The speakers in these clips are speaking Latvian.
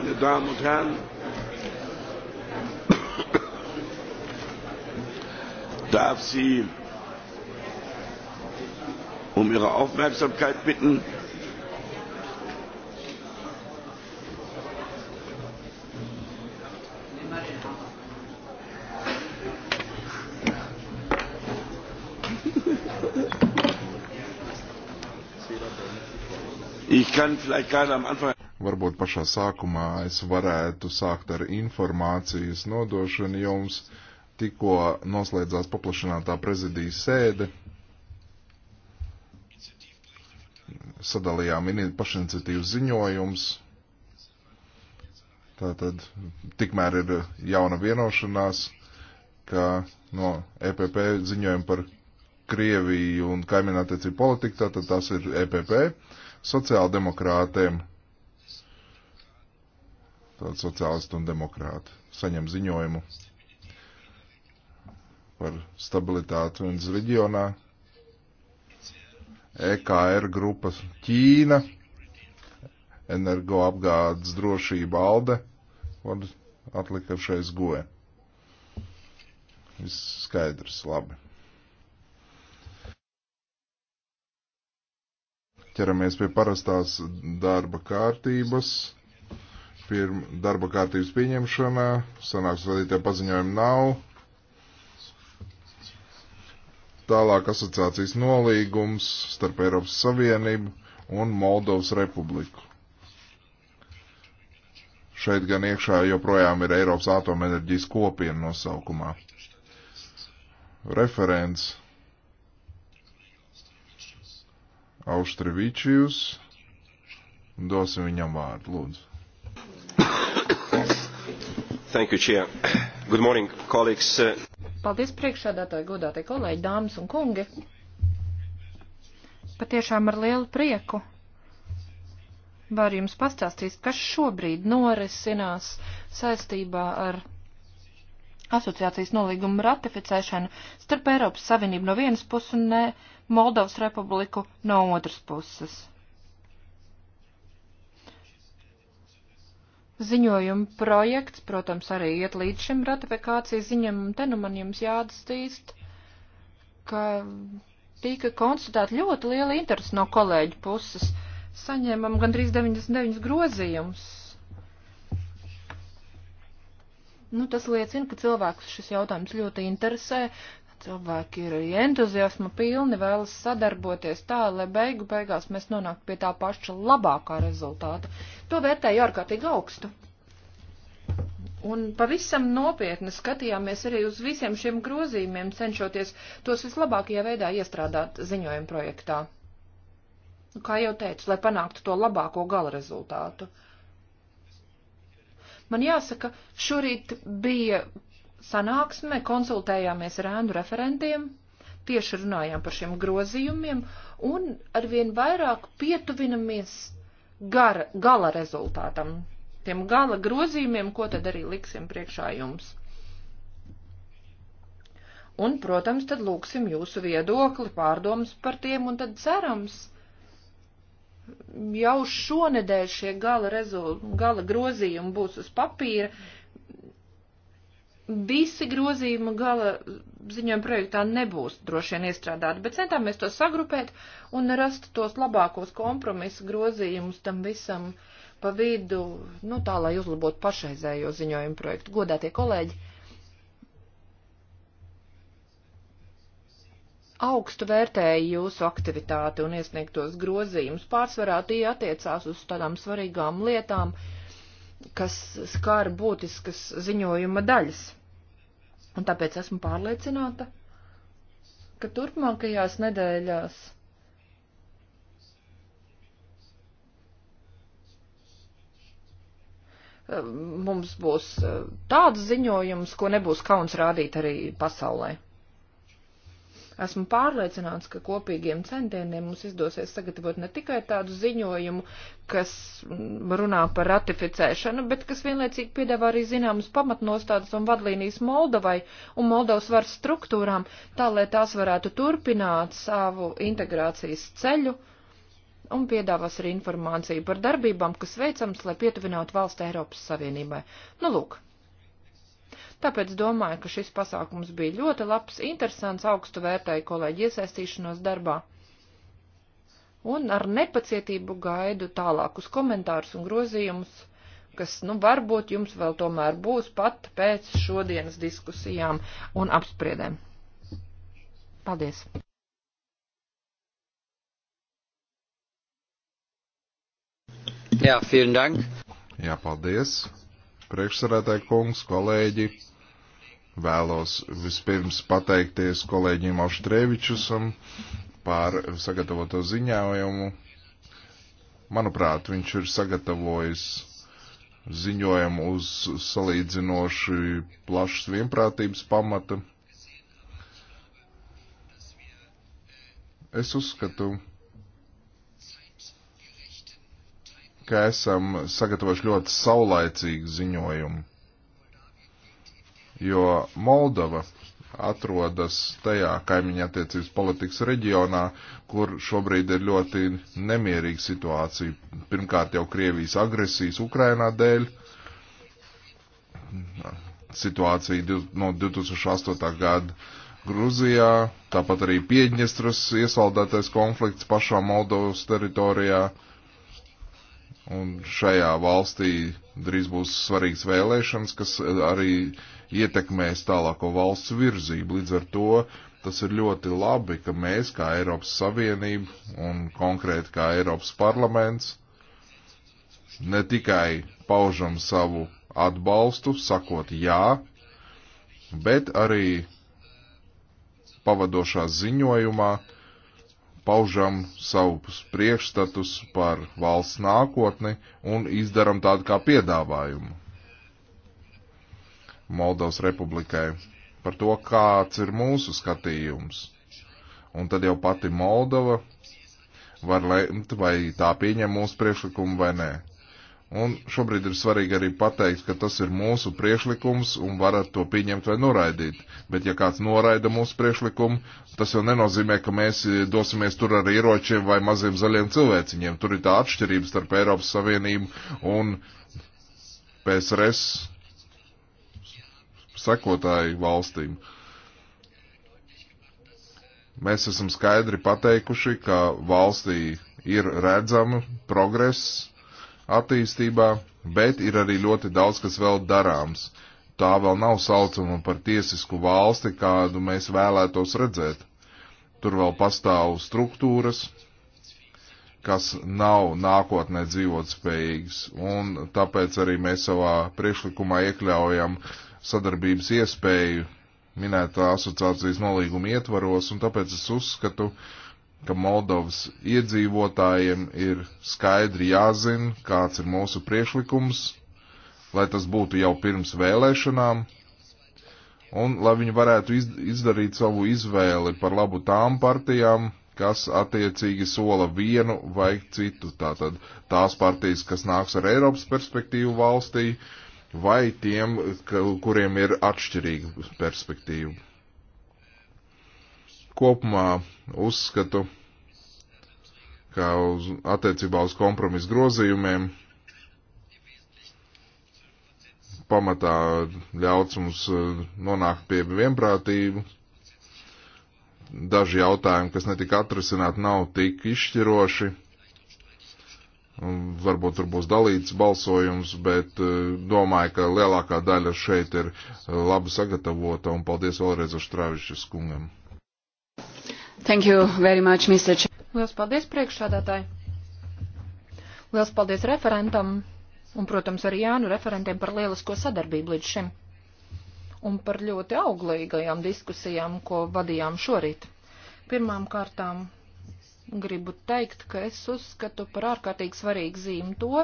meine Damen und Herren. Darf Sie um Ihre Aufmerksamkeit bitten? Ich kann vielleicht gerade am Anfang. Varbūt pašā sākumā es varētu sākt ar informācijas nodošanu jums. Tikko noslēdzās paplašinātā prezidijas sēde. Sadalījām pašiniciatīvas ziņojums. Tātad tikmēr ir jauna vienošanās, ka no EPP ziņojuma par Krieviju un kaimiņattiecību politiku, tātad tas ir EPP, sociāldemokrātiem tāda sociālistu un demokrātu, saņem ziņojumu par stabilitāti vienas reģionā. EKR grupa Ķīna, energoapgādes drošība Alde un atlikušais goja. Viss skaidrs, labi. Ķeramies pie parastās darba kārtības. Pirm, darba kārtības pieņemšanā, sanāks vadītē paziņojumu nav. Tālāk asociācijas nolīgums starp Eiropas Savienību un Moldovas Republiku. Šeit gan iekšā joprojām ir Eiropas atomenerģijas kopiena nosaukumā. Referents Auštrevičijus. Dosim viņam vārdu, lūdzu. Thank you, Chair. Good morning, colleagues. Paldies priekšsēdētāji, godātie kolēģi, dāmas un kungi. Patiešām ar lielu prieku var jums pastāstīt, kas šobrīd norisinās saistībā ar asociācijas nolīguma ratificēšanu starp Eiropas Savienību no vienas puses un ne Moldovas Republiku no otras puses. Ziņojuma projekts, protams, arī iet līdz šim ratifikācijas ziņam, un te nu man jums jāatstīst, ka tika konstatēta ļoti liela interese no kolēģu puses. Saņēmām gandrīz 99 grozījumus. Nu, tas liecina, ka cilvēkus šis jautājums ļoti interesē, Cilvēki ir arī entuziasma pilni, vēlas sadarboties tā, lai beigu beigās mēs nonāktu pie tā paša labākā rezultāta. To vērtēju ārkārtīgi augstu. Un pavisam nopietni skatījāmies arī uz visiem šiem grozījumiem, cenšoties tos vislabākajā veidā iestrādāt ziņojuma projektā. Kā jau teicu, lai panāktu to labāko gala rezultātu. Man jāsaka, šorīt bija sanāksme, konsultējāmies ar ēnu referentiem, tieši runājām par šiem grozījumiem un arvien vairāk pietuvinamies gara, gala rezultātam, tiem gala grozījumiem, ko tad arī liksim priekšā jums. Un, protams, tad lūksim jūsu viedokli, pārdomas par tiem, un tad cerams, jau šonedēļ šie gala, rezul, gala grozījumi būs uz papīra, mm visi grozījuma gala ziņojuma projektā nebūs droši vien iestrādāti, bet centāmies to sagrupēt un rast tos labākos kompromisu grozījumus tam visam pa vidu, nu tā, lai uzlabotu pašreizējo ziņojumu projektu. Godātie kolēģi, augstu vērtēju jūsu aktivitāti un iesniegtos grozījumus. Pārsvarā tie attiecās uz tādām svarīgām lietām, kas skāra būtiskas ziņojuma daļas Un tāpēc esmu pārliecināta, ka turpmākajās nedēļās mums būs eh, tāds ziņojums, ko nebūs kauns rādīt arī pasaulē. Esmu pārliecināts, ka kopīgiem centieniem mums izdosies sagatavot ne tikai tādu ziņojumu, kas mm, runā par ratificēšanu, bet kas vienlaicīgi piedāvā arī zināmas pamatnostādes un vadlīnijas Moldovai un Moldovas varas struktūrām, tā lai tās varētu turpināt savu integrācijas ceļu un piedāvās arī informāciju par darbībām, kas veicams, lai pietuvinātu valsts Eiropas Savienībai. Nu, lūk, Tāpēc domāju, ka šis pasākums bija ļoti labs, interesants, augstu vērtēju kolēģi iesaistīšanos darbā. Un ar nepacietību gaidu tālākus komentārus un grozījumus, kas, nu, varbūt jums vēl tomēr būs pat pēc šodienas diskusijām un apspriedēm. Paldies! Jā, vielen dank! Jā, paldies! priekšsarētāji kungs, kolēģi. Vēlos vispirms pateikties kolēģim Auštrēvičusam par sagatavoto ziņojumu. Manuprāt, viņš ir sagatavojis ziņojumu uz salīdzinoši plašas vienprātības pamata. Es uzskatu, ka esam sagatavojuši ļoti saulaicīgu ziņojumu, jo Moldova atrodas tajā kaimiņa attiecības politikas reģionā, kur šobrīd ir ļoti nemierīga situācija. Pirmkārt jau Krievijas agresijas Ukrainā dēļ. Situācija no 2008. gada Gruzijā, tāpat arī Piedņestras iesaldētais konflikts pašā Moldovas teritorijā. Uh, Un šajā valstī drīz būs svarīgas vēlēšanas, kas e, arī ietekmēs tālāko valsts virzību. Līdz ar to tas ir ļoti labi, ka mēs kā Eiropas Savienība un konkrēti kā Eiropas parlaments ne tikai paužam savu atbalstu, sakot jā, bet arī pavadošā ziņojumā paužam savus priekšstatus par valsts nākotni un izdaram tādu kā piedāvājumu Moldovas republikai par to, kāds ir mūsu skatījums. Un tad jau pati Moldova var lemt, vai tā pieņem mūsu priekšlikumu vai nē. Un šobrīd ir svarīgi arī pateikt, ka tas ir mūsu priekšlikums un varat to pieņemt vai noraidīt. Bet ja kāds noraida mūsu priekšlikumu, tas jau nenozīmē, ka mēs dosimies tur ar ieročiem vai maziem zaļiem cilvēciņiem. Tur ir tā atšķirība starp Eiropas Savienību un PSRS sekotāju valstīm. Mēs esam skaidri pateikuši, ka valstī ir redzama progress attīstībā, bet ir arī ļoti daudz, kas vēl darāms. Tā vēl nav saucama par tiesisku valsti, kādu mēs vēlētos redzēt. Tur vēl pastāv struktūras, kas nav nākotnē dzīvotspējīgas, un tāpēc arī mēs savā priekšlikumā iekļaujam sadarbības iespēju minētā asociācijas nolīguma ietvaros, un tāpēc es uzskatu, uh, ka Moldovas iedzīvotājiem ir skaidri jāzina, kāds ir mūsu priekšlikums, lai tas būtu jau pirms vēlēšanām, un lai viņi varētu izdarīt savu izvēli par labu tām partijām, kas attiecīgi sola vienu vai citu. Tātad tās partijas, kas nāks ar Eiropas perspektīvu valstī, vai tiem, kuriem ir atšķirīga perspektīva. Kopumā uzskatu, ka uz, attiecībā uz kompromisu grozījumiem pamatā ļauts mums e, nonākt pie vienprātību. Daži jautājumi, kas netika atrisināti, nav tik izšķiroši. Varbūt tur būs dalīts balsojums, bet e, domāju, ka lielākā daļa šeit ir e, labi sagatavota un paldies vēlreiz uz Travišķis kungam. Thank you very much, Mr. Č... Liels paldies priekšsādātāji. Liels paldies referentam un, protams, arī Jānu referentiem par lielisko sadarbību līdz šim un par ļoti auglīgajām diskusijām, ko vadījām šorīt. Pirmām kārtām gribu teikt, ka es uzskatu par ārkārtīgi svarīgu zīmu to,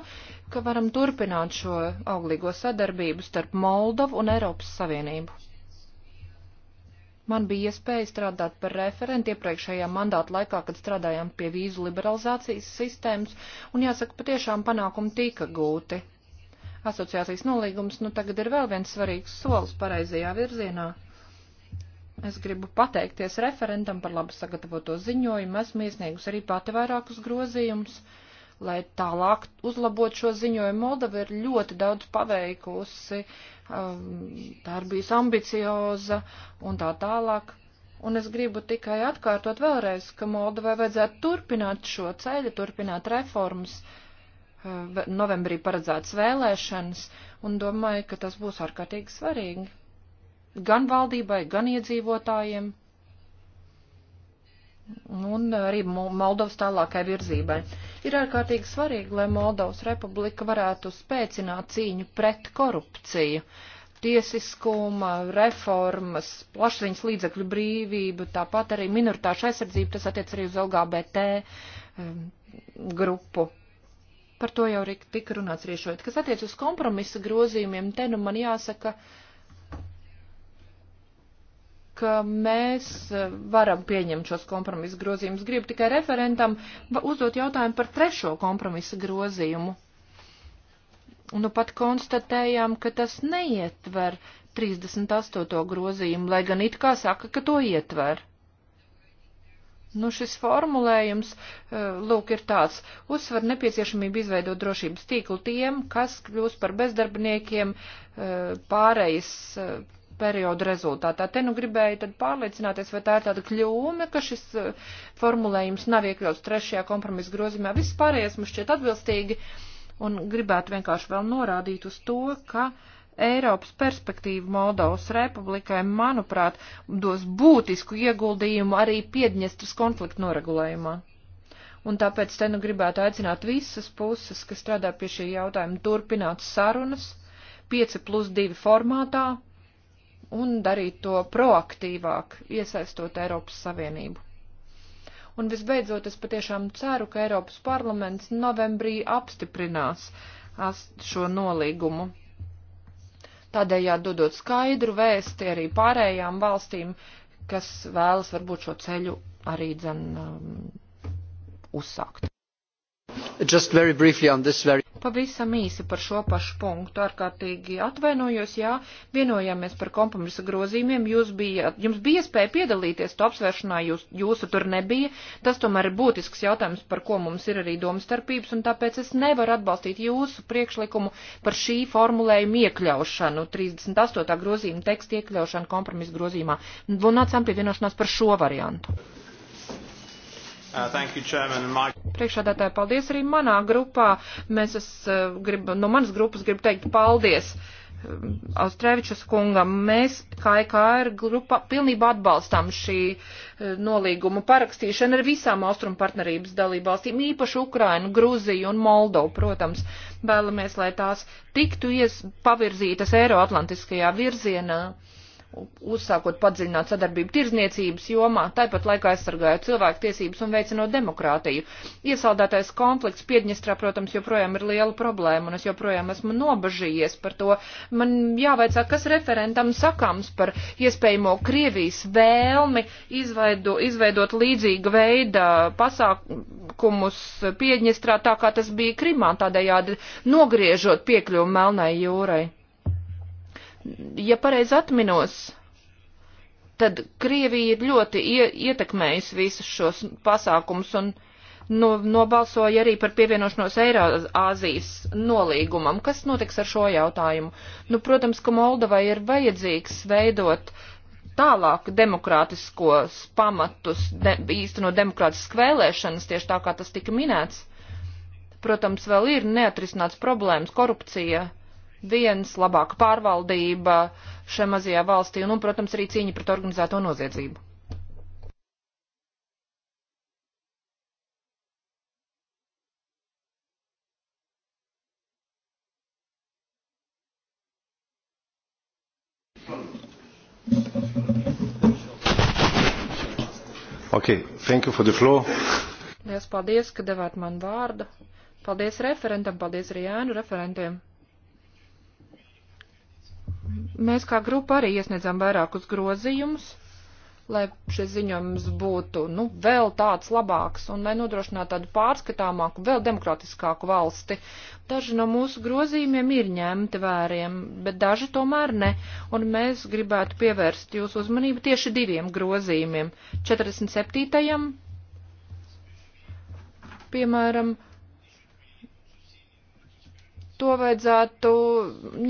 ka varam turpināt šo auglīgo sadarbību starp Moldovu un Eiropas Savienību. Man bija iespēja strādāt par referentu iepriekšējā mandāta laikā, kad strādājām pie vīzu liberalizācijas sistēmas, un jāsaka, patiešām panākumi tika gūti. Asociācijas nolīgums nu tagad ir vēl viens svarīgs solis pareizajā virzienā. Es gribu pateikties referentam par labi sagatavoto ziņojumu, esmu iesniegus arī pati vairākus grozījumus lai tālāk uzlabot šo ziņojumu. Moldova ir ļoti daudz paveikusi, um, tā ir bijusi ambicioza un tā tālāk. Un es gribu tikai atkārtot vēlreiz, ka Moldovai vajadzētu turpināt šo ceļu, turpināt reformas. Uh, novembrī paredzētas vēlēšanas, un domāju, ka tas būs ārkārtīgi svarīgi gan valdībai, gan iedzīvotājiem un arī Moldovas tālākai virzībai. Ir ārkārtīgi svarīgi, lai Moldovas republika varētu spēcināt cīņu pret korupciju, tiesiskuma, reformas, plašsaziņas līdzekļu brīvību, tāpat arī minoritāšu aizsardzību, tas attiec arī uz LGBT um, grupu par to jau tika runāts riešot. Kas attiec uz kompromisa grozījumiem, te nu man jāsaka, uh, ka mēs e, varam pieņemt šos kompromisu grozījumus. Gribu tikai referentam uzdot jautājumu par trešo kompromisu grozījumu. Nu pat konstatējām, ka tas neietver 38. grozījumu, lai gan it kā saka, ka to ietver. Nu, šis formulējums, e, lūk, ir tāds. Uzsver nepieciešamību izveidot drošības tīklu tiem, kas kļūst par bezdarbniekiem e, pārējas periodu rezultātā. Te nu gribēju tad pārliecināties, vai tā ir tāda kļūme, ka šis eh, formulējums nav iekļauts trešajā kompromisa grozījumā. Viss pārējais mums šķiet atbilstīgi un gribētu vienkārši vēl norādīt uz to, ka Eiropas perspektīva Moldovas republikai, manuprāt, dos būtisku ieguldījumu arī Piedņestras konfliktu noregulējumā un tāpēc te nu gribētu aicināt visas puses, kas strādā pie šī jautājuma, turpināt sarunas 5 plus 2 formātā, un darīt to proaktīvāk, iesaistot Eiropas Savienību. Un visbeidzot, es patiešām ceru, ka Eiropas parlaments novembrī apstiprinās šo nolīgumu. Tādējādi dodot skaidru vēsti arī pārējām valstīm, kas vēlas varbūt šo ceļu arī dzen um, uzsākt. Very... Pavisam īsi par šo pašu punktu. Ārkārtīgi atvainojos, jā, vienojāmies par kompromisa grozījumiem. Jūs bija, jums bija iespēja piedalīties to apsvēršanā, jūs, jūsu tur nebija. Tas tomēr ir būtisks jautājums, par ko mums ir arī domstarpības, un tāpēc es nevaru atbalstīt jūsu priekšlikumu par šī formulējuma iekļaušanu, 38. grozījuma teksta iekļaušanu kompromisa grozījumā. Un nācām pie vienošanās par šo variantu. Uh, Priekšādātāji, paldies arī manā grupā. Mēs es, uh, grib, no manas grupas gribu teikt paldies um, Austrēvičus kungam. Mēs, kā EKR grupa, pilnībā atbalstām šī uh, nolīguma parakstīšanu ar visām austrumu partnerības dalību valstīm, īpaši Ukrainu, Gruziju un Moldovu, protams. Vēlamies, lai tās tiktu ies pavirzītas Eiroatlantiskajā virzienā. Uh, uzsākot padziļināt sadarbību tirzniecības jomā, tāpat laikā aizsargājot cilvēku tiesības un veicinot demokrātiju. Iesaldētais konflikts Piedņestrā, protams, joprojām ir liela problēma, un es joprojām esmu nobažījies par to. Man jāvaicā, kas referentam sakāms par iespējamo Krievijas vēlmi izveido, izveidot līdzīga veida pasākumus Piedņestrā, tā kā tas bija Krimā, tādējādi nogriežot piekļuvu Melnai jūrai ja pareizi atminos, tad Krievija ir ļoti ietekmējusi visus šos pasākumus un no, nobalsoja arī par pievienošanos Eirāzijas nolīgumam. Kas notiks ar šo jautājumu? Nu, protams, ka Moldovai ir vajadzīgs veidot tālāk demokrātiskos pamatus, de, īstenot demokrātiskas vēlēšanas, tieši tā kā tas tika minēts. Protams, vēl ir neatrisināts problēmas korupcija viens, labāka pārvaldība šajā mazajā valstī un, un, protams, arī cīņa pret organizēto noziedzību. Okay, thank you for the floor. Liels paldies, ka devāt man vārdu. Paldies referentam, paldies arī ēnu referentiem. Mēs kā grupa arī iesniedzām vairākus grozījumus, lai šis ziņojums būtu, nu, vēl tāds labāks un lai nodrošinātu tādu pārskatāmāku, vēl demokratiskāku valsti. Daži no mūsu grozījumiem ir ņemti vēriem, bet daži tomēr ne, un mēs gribētu pievērst jūsu uzmanību tieši diviem grozījumiem - 47. piemēram, to vajadzētu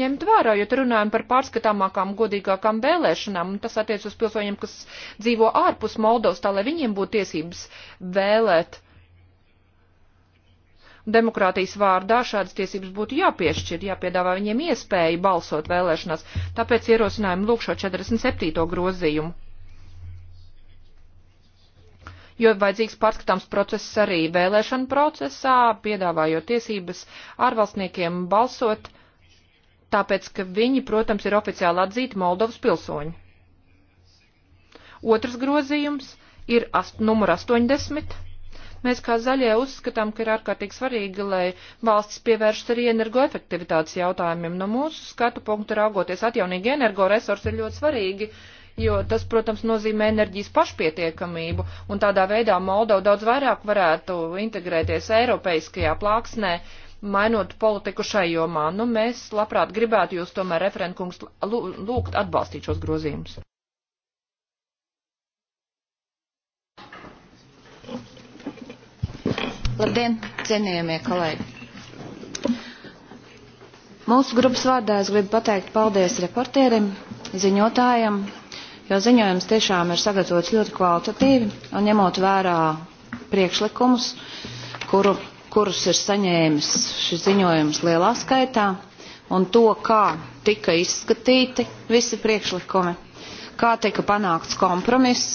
ņemt vērā, jo te runājam par pārskatāmākām, godīgākām vēlēšanām, un tas attiec uz pilsoņiem, kas dzīvo ārpus Moldovas, tā lai viņiem būtu tiesības vēlēt. Demokrātijas vārdā šādas tiesības būtu jāpiešķir, jāpiedāvā viņiem iespēja balsot vēlēšanās, tāpēc ierosinājumu lūkšo 47. grozījumu jo vajadzīgs pārskatāms process arī vēlēšana procesā, piedāvājot tiesības ārvalstniekiem balsot, tāpēc, ka viņi, protams, ir oficiāli atzīti Moldovas pilsoņi. Otrs grozījums ir ast, numur 80. Mēs kā zaļie uzskatām, ka ir ārkārtīgi svarīgi, lai valstis pievēršas arī energoefektivitātes jautājumiem. No mūsu skatu punktu raugoties atjaunīgi energoresursi ir ļoti svarīgi jo tas, protams, nozīmē enerģijas pašpietiekamību, un tādā veidā Moldova daudz vairāk varētu integrēties Eiropeiskajā plāksnē, mainot politiku šai jomā. Nu, mēs labprāt gribētu jūs tomēr, referentkungs, lūgt atbalstīt šos grozījumus. Labdien, cienījamie kolēģi! Mūsu grupas vārdā es gribu pateikt paldies reportierim, ziņotājam, jo ziņojums tiešām ir sagatavots ļoti kvalitatīvi un ņemot vērā priekšlikumus, kuru, kurus ir saņēmis šis ziņojums lielā skaitā un to, kā tika izskatīti visi priekšlikumi, kā tika panākts kompromiss,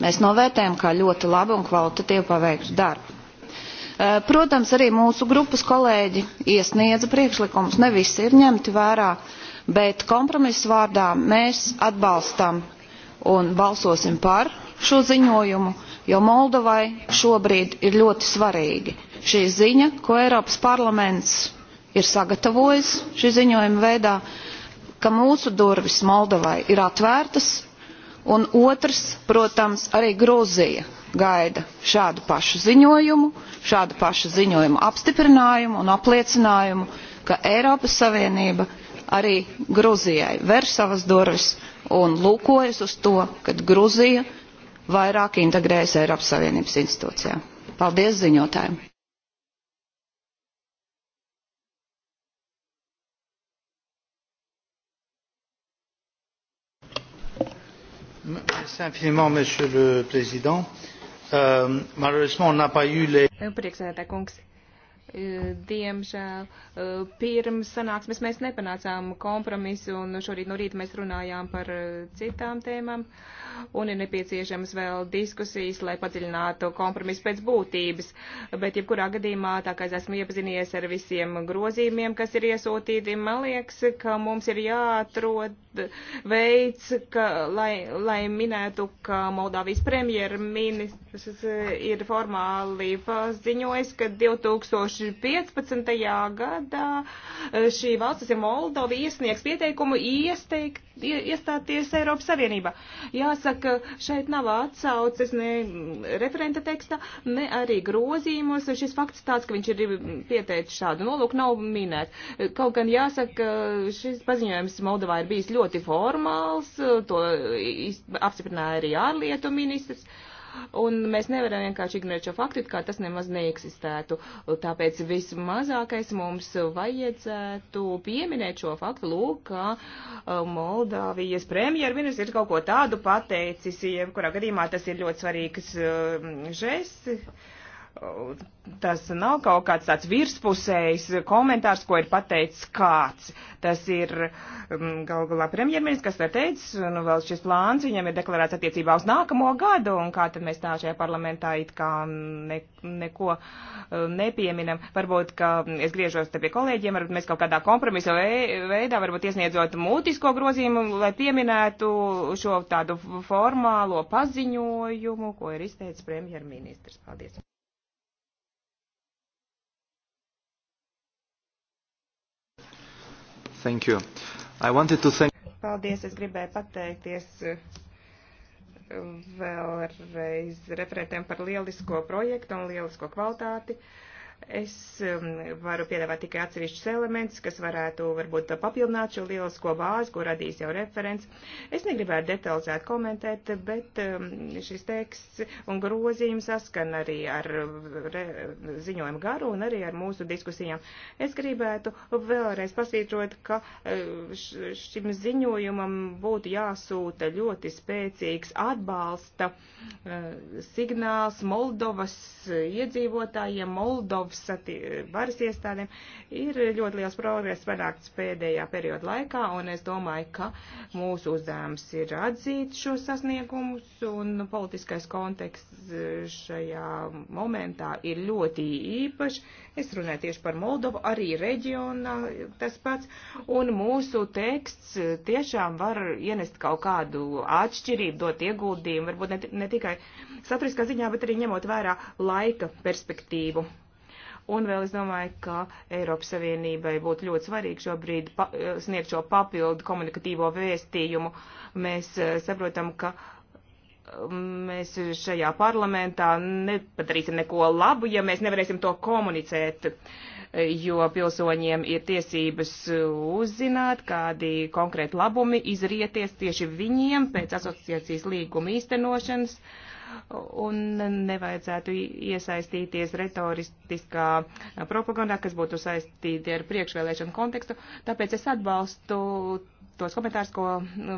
mēs novērtējam kā ļoti labu un kvalitatīvu paveiktu darbu. E, protams, arī mūsu grupas kolēģi iesniedza priekšlikumus, ne visi ir ņemti vērā, uh, bet kompromisu vārdā mēs atbalstam un balsosim par šo ziņojumu, jo Moldovai šobrīd ir ļoti svarīgi šī ziņa, ko Eiropas parlaments ir sagatavojis šī ziņojuma veidā, ka mūsu durvis Moldovai ir atvērtas, un otrs, protams, arī Grūzija gaida šādu pašu ziņojumu, šādu pašu ziņojumu apstiprinājumu un apliecinājumu, ka Eiropas Savienība arī Gruzijai ver savas durvis un lūkojas uz to, kad Gruzija vairāk integrējas Eiropas Savienības institūcijā. Paldies ziņotājiem! Merci infiniment, Monsieur le Président. Euh, malheureusement, on n'a pas eu les. Priekšsēdētāj kungs, E, diemžēl e, pirms sanāksmes mēs nepanācām kompromisu, un šorīt no rīta mēs runājām par e, citām tēmām, un ir nepieciešams vēl diskusijas, lai padziļinātu kompromisu pēc būtības. Bet, jebkurā gadījumā, tā kā es esmu iepazinies ar visiem grozījumiem, kas ir iesūtīti, man liekas, ka mums ir jāatrod veids, ka, lai, lai minētu, ka Moldāvijas premjerministrs ir formāli paziņojis, ka 2000 2015. gadā eh, šī valsts, ja Moldova, iesniegs pieteikumu iesteigt, iestāties Eiropas Savienībā. Jāsaka, šeit nav atsauces ne referenta tekstā, ne arī grozījumos. Šis fakts tāds, ka viņš ir pieteicis šādu nolūku, nav minēts. Kaut gan jāsaka, šis paziņojums Moldovā ir bijis ļoti formāls, to apstiprināja arī ārlietu ministrs. Uh, un mēs nevaram vienkārši ignorēt šo faktu, kā tas nemaz neeksistētu. Tāpēc vismazākais mums vajadzētu pieminēt šo faktu, lūk, ka uh, Moldāvijas premjerministrs ir kaut ko tādu pateicis, jebkurā gadījumā tas ir ļoti svarīgs uh, žests tas nav kaut kāds tāds virspusējs komentārs, ko ir pateicis kāds. Tas ir mm, gal galā premjerministrs, kas ir teicis, nu vēl šis plāns viņam ir deklarēts attiecībā uz nākamo gadu, un kā tad mēs tā šajā parlamentā it kā ne, neko eh, nepieminam. Varbūt, ka es griežos te pie kolēģiem, varbūt mēs kaut kādā kompromisa veidā, varbūt iesniedzot mutisko grozījumu, lai pieminētu šo tādu formālo paziņojumu, ko ir izteicis premjerministrs. Paldies! Thank you. I wanted to thank... Paldies, es gribēju pateikties um, vēlreiz referentiem par lielisko projektu un lielisko kvalitāti. Uh, Es um, varu piedāvāt tikai atsevišķus elementus, kas varētu varbūt papildināt šo lielisko bāzi, ko radīs jau referents. Es negribētu detalizēt komentēt, bet um, šis teksts un grozījums saskan arī ar re, ziņojumu garu un arī ar mūsu diskusijām. Es gribētu vēlreiz pasvītrot, ka uh, šim ziņojumam būtu jāsūta ļoti spēcīgs atbalsta uh, signāls Moldovas iedzīvotājiem, Moldovas Eiropas varas iestādēm, ir ļoti liels progress panākts pēdējā perioda laikā, un es domāju, ka mūsu uzdevums ir atzīt šos sasniegumus, un politiskais konteksts e, šajā momentā ir ļoti īpašs. Es runāju tieši par Moldovu, arī reģionā tas pats, un mūsu teksts e, tiešām var ienest kaut kādu atšķirību, dot ieguldījumu, varbūt ne, ne tikai saturiskā ziņā, bet arī ņemot vērā laika perspektīvu. Un vēl es domāju, ka Eiropas Savienībai būtu ļoti svarīgi šobrīd pa, eh, sniegt šo papildu komunikatīvo vēstījumu. Mēs eh, saprotam, ka eh, mēs šajā parlamentā nepadarīsim neko labu, ja mēs nevarēsim to komunicēt, jo pilsoņiem ir tiesības uzzināt, kādi konkrēti labumi izrieties tieši viņiem pēc asociācijas līguma īstenošanas. Uh, un nevajadzētu iesaistīties retoristiskā propagandā, kas būtu saistīti ar priekšvēlēšanu kontekstu. Tāpēc es atbalstu tos komentārus, ko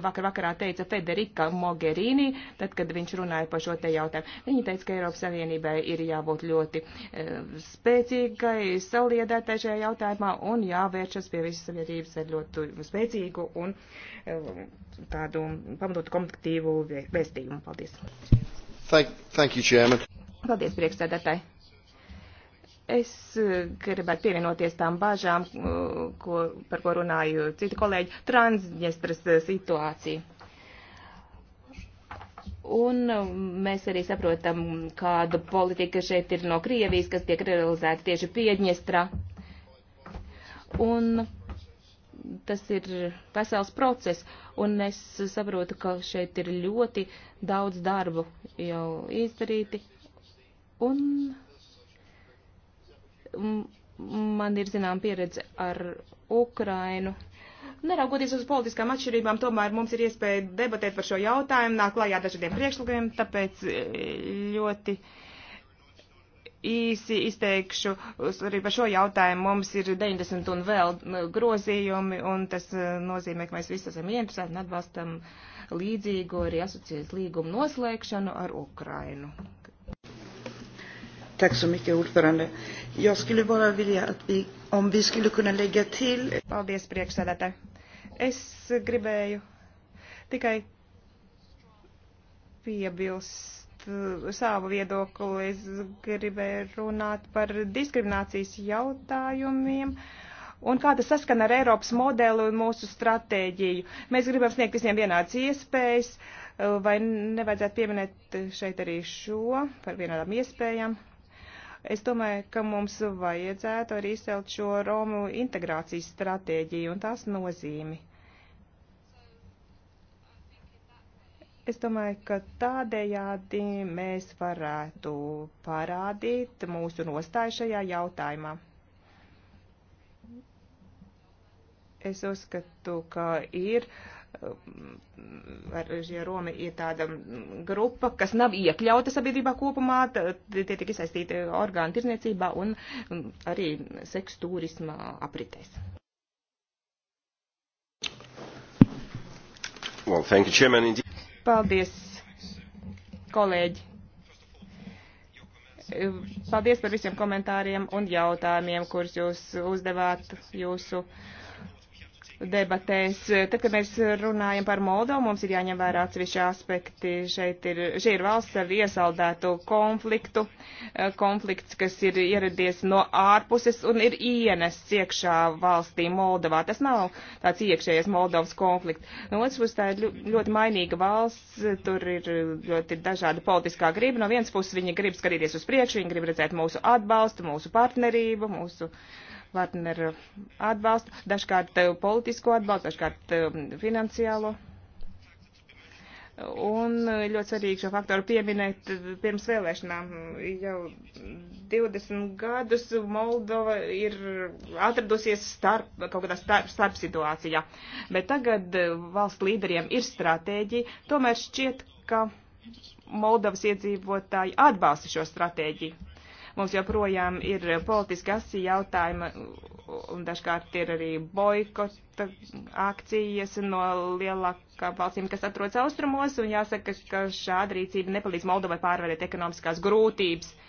vakar vakarā teica Federika Mogherini, tad, kad viņš runāja par šo te jautājumu. Viņa teica, ka Eiropas Savienībai ir jābūt ļoti e, spēcīgai, saliedētai šajā jautājumā un jāvēršas pie visas sabiedrības ar ļoti spēcīgu un e, tādu pamatotu komunikatīvu vēstījumu. Paldies! Thank, thank you, Chairman. Paldies, priekšsēdētāji. Es eh, gribētu pievienoties tām bažām, eh, ko, par ko runāju citi kolēģi, transģestras eh, situācija. Un mēs arī saprotam, kāda politika šeit ir no Krievijas, kas tiek realizēta tieši Piedņestrā. Un tas ir vesels process, un es saprotu, ka šeit ir ļoti daudz darbu jau izdarīti, un man ir zinām pieredze ar Ukrainu. Neraugoties uz politiskām atšķirībām, tomēr mums ir iespēja debatēt par šo jautājumu, nāk klājā dažādiem priekšlikumiem, tāpēc e, ļoti. Uh, īsi izteikšu arī par šo jautājumu. Mums ir 90 un vēl grozījumi, un tas e, nozīmē, ka mēs visi esam ieinteresēti un atbalstam līdzīgu arī asociācijas līgumu noslēgšanu ar Ukrainu. Tack så mycket, ordförande. Jag skulle bara vilja att vi, om vi skulle kunna lägga till... Paldies, priekšsēdētāji. Es gribēju tikai piebilst Uh, savu viedokli. Es gribēju runāt par diskriminācijas jautājumiem. Un kā tas saskana ar Eiropas modeli un mūsu stratēģiju? Mēs gribam sniegt visiem vienādas iespējas, uh, vai nevajadzētu pieminēt šeit arī šo par vienādām iespējām? Es domāju, ka mums vajadzētu arī izcelt šo Romu integrācijas stratēģiju un tās nozīmi. Es domāju, ka tādējādi mēs varētu parādīt mūsu nostāju šajā jautājumā. Es uzskatu, ka ir um, šie Romi ir tāda grupa, kas nav iekļauta sabiedrībā kopumā, tie tiek iesaistīti orgānu tirzniecībā un arī seksu turisma apritēs. Well, thank you, Chairman. Paldies, kolēģi! Paldies par visiem komentāriem un jautājumiem, kurus jūs uzdevāt jūsu debatēs. Tad, kad mēs runājam par Moldovu, mums ir jāņem vērā atsevišķi aspekti. Šeit ir, šī ir valsts ar iesaldētu konfliktu, eh, konflikts, kas ir ieradies no ārpuses un ir ienests iekšā valstī Moldovā. Tas nav tāds iekšējais Moldovas konflikts. No otras puses, tā ir ļoti mainīga valsts, tur ir ļoti dažāda politiskā griba. No vienas puses viņi grib skatīties uz priekšu, viņi grib redzēt mūsu atbalstu, mūsu partnerību, mūsu. Uh, partneru atbalstu, dažkārt eh, politisko atbalstu, dažkārt eh, finansiālo. Un eh, ļoti svarīgi šo faktoru pieminēt pirms vēlēšanām. Jau 20 gadus Moldova ir atradusies starp, kaut kādā starp, starp situācijā, bet tagad valsts līderiem ir stratēģija, tomēr šķiet, ka Moldovas iedzīvotāji atbalsta šo stratēģiju Mums joprojām ir politiski asi jautājumi un dažkārt ir arī boikota akcijas no lielākām valstīm, kas atrodas austrumos, un jāsaka, ka šāda rīcība nepalīdz Moldovai pārvarēt ekonomiskās grūtības. Uh,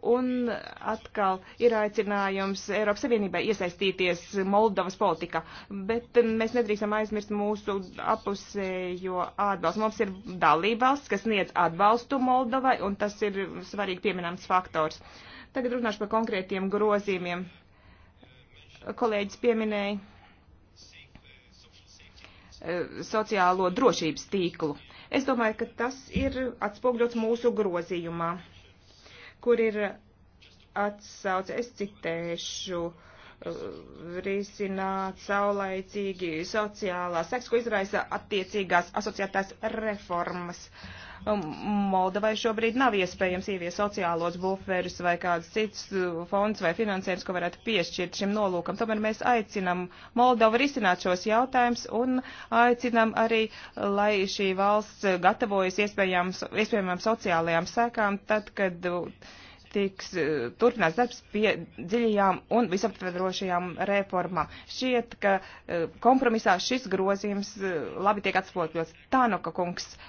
Un atkal ir aicinājums Eiropas Savienībai iesaistīties Moldovas politikā, bet mēs nedrīkstam aizmirst mūsu apusējo atbalstu. Mums ir dalībvalsts, kas sniedz atbalstu Moldovai, un tas ir svarīgi pieminams faktors. Tagad runāšu par konkrētiem grozījumiem. Kolēģis pieminēja e, sociālo drošības tīklu. Es domāju, ka tas ir atspogļots mūsu grozījumā kur ir atsauce, es citēšu, uh, risināt saulaicīgi sociālās seks, ko izraisa attiecīgās asociētās reformas. Uh, Um, Moldovai šobrīd nav iespējams ievies sociālos buferus vai kāds cits uh, fonds vai finansējums, ko varētu piešķirt šim nolūkam. Tomēr mēs aicinam Moldovu risināt šos jautājumus un aicinam arī, lai šī valsts gatavojas iespējamām sociālajām sekām, tad, kad uh, tiks uh, turpināts darbs pie dziļajām un visaptverošajām reformām. Šķiet, ka kompromisā šis grozījums labi tiek atspokļots. Tānoka kungs. Uh,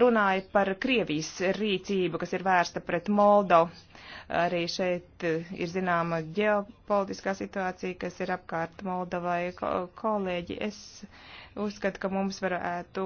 runāja par Krievijas rīcību, kas ir vērsta pret Moldovu. Arī šeit eh, ir zināma ģeopolitiskā situācija, kas ir apkārt Moldovai. Kolēģi, es uzskata, ka mums varētu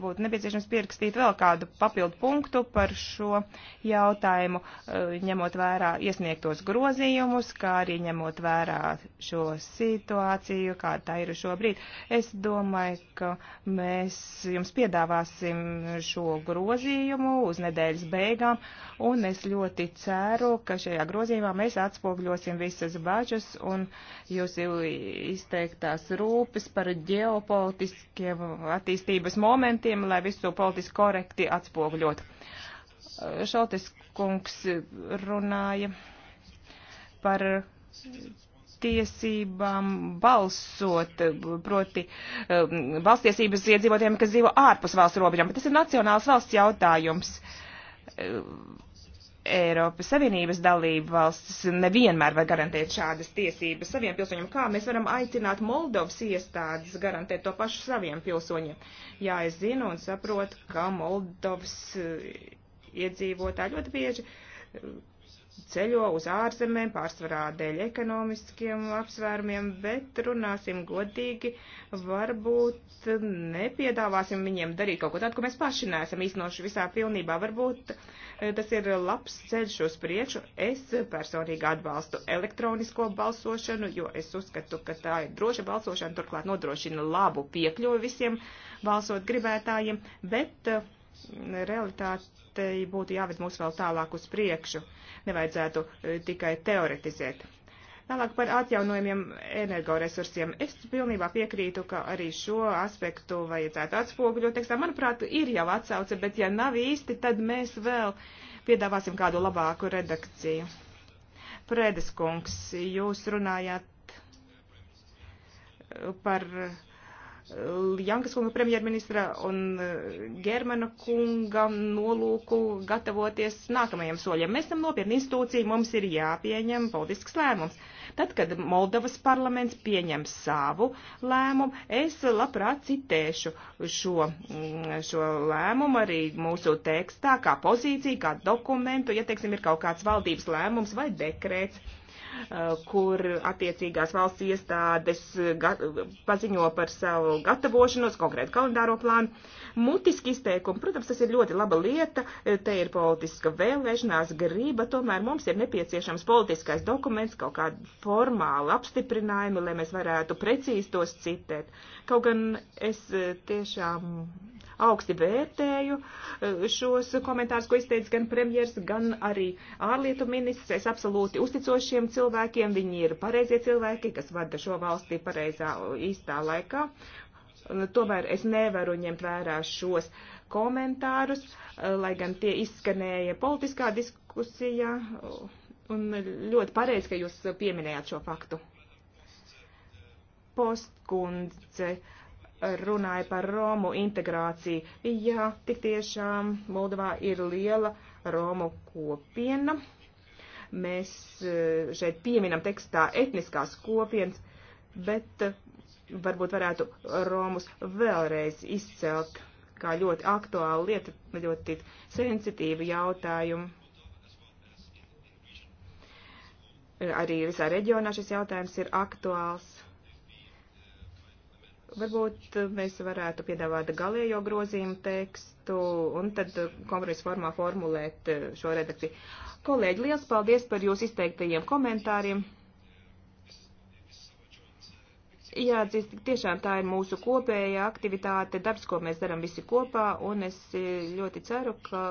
būt nepieciešams pierakstīt vēl kādu papildu punktu par šo jautājumu, eh, ņemot vērā iesniegtos grozījumus, kā arī ņemot vērā šo situāciju, kā tā ir šobrīd. Es domāju, ka mēs jums piedāvāsim šo grozījumu uz nedēļas beigām, un es ļoti ceru, ka šajā grozījumā mēs atspogļosim visas bažas un jūsu izteiktās rūpes par ģeopolitiku politiskiem attīstības momentiem, lai visu politiski korekti atspoguļot. Šaltis kungs runāja par tiesībām balsot, proti um, balstiesības iedzīvotiem, kas dzīvo ārpus valsts robežām, bet tas ir nacionāls valsts jautājums. Um, Eiropas Savienības dalību valstis nevienmēr var garantēt šādas tiesības saviem pilsoņiem. Kā mēs varam aicināt Moldovas iestādes garantēt to pašu saviem pilsoņiem? Jā, es zinu un saprotu, ka Moldovas eh, iedzīvotāji ļoti bieži eh, ceļo uz ārzemēm pārsvarā dēļ ekonomiskiem apsvērumiem, bet runāsim godīgi, varbūt nepiedāvāsim viņiem darīt kaut ko tādu, ko mēs paši neesam īstenoši visā pilnībā. Varbūt eh, tas ir labs ceļš uz priekšu. Es personīgi atbalstu elektronisko balsošanu, jo es uzskatu, ka tā ir droša balsošana, turklāt nodrošina labu piekļuvi visiem balsot gribētājiem, bet uh, realitātei būtu jāved mūs vēl tālāk uz priekšu, nevajadzētu e, tikai teoretizēt. Tālāk par atjaunojumiem energoresursiem. Es pilnībā piekrītu, ka arī šo aspektu vajadzētu atspoguļot. Tekstā, manuprāt, ir jau atsauce, bet ja nav īsti, tad mēs vēl piedāvāsim kādu labāku redakciju. Prēdes kungs, jūs runājāt e, par uh, Jankas kunga premjerministra un eh, Germana kunga nolūku gatavoties nākamajiem soļiem. Mēs esam nopietni institūcija, mums ir jāpieņem politisks lēmums. Tad, kad Moldovas parlaments pieņem savu lēmumu, es labprāt citēšu šo, mm, šo lēmumu arī mūsu tekstā, kā pozīciju, kā dokumentu, ja, teiksim, ir kaut kāds valdības lēmums vai dekrēts Eh, kur attiecīgās valsts iestādes eh, paziņo par savu gatavošanos, konkrētu kalendāro plānu. Mutiski izteikumi, protams, tas ir ļoti laba lieta, eh, te ir politiska vēlēšanās, grība, tomēr mums ir nepieciešams politiskais dokuments, kaut kāda formāla apstiprinājuma, lai mēs varētu precīzi tos citēt. Kaut gan es tiešām augsti vērtēju eh, šos komentārus, ko izteica gan premjers, gan arī ārlietu ministrs. Es absolūti uzticos šiem cilvēkiem. Viņi ir pareizie cilvēki, kas vada šo valstī pareizā īstā laikā. Tomēr es nevaru ņemt vērā šos komentārus, eh, lai gan tie izskanēja politiskā diskusijā. Un ļoti pareizi, ka jūs pieminējāt šo faktu. Postkundze. Uh, runāja par Romu integrāciju. Jā, tik tiešām Moldovā ir liela Romu kopiena. Mēs e, šeit pieminam tekstā etniskās kopienas, bet e, varbūt varētu Romus vēlreiz izcelt kā ļoti aktuāla lieta, ļoti sensitīva jautājuma. Arī visā reģionā šis jautājums ir aktuāls Varbūt eh, mēs varētu piedāvāt galējo grozījumu tekstu un tad eh, kompromisa formā formulēt eh, šo redakciju. Kolēģi, liels paldies par jūsu izteiktajiem komentāriem. Jā, tiešām tā ir mūsu kopējā aktivitāte, darbs, ko mēs darām visi kopā, un es ļoti ceru, ka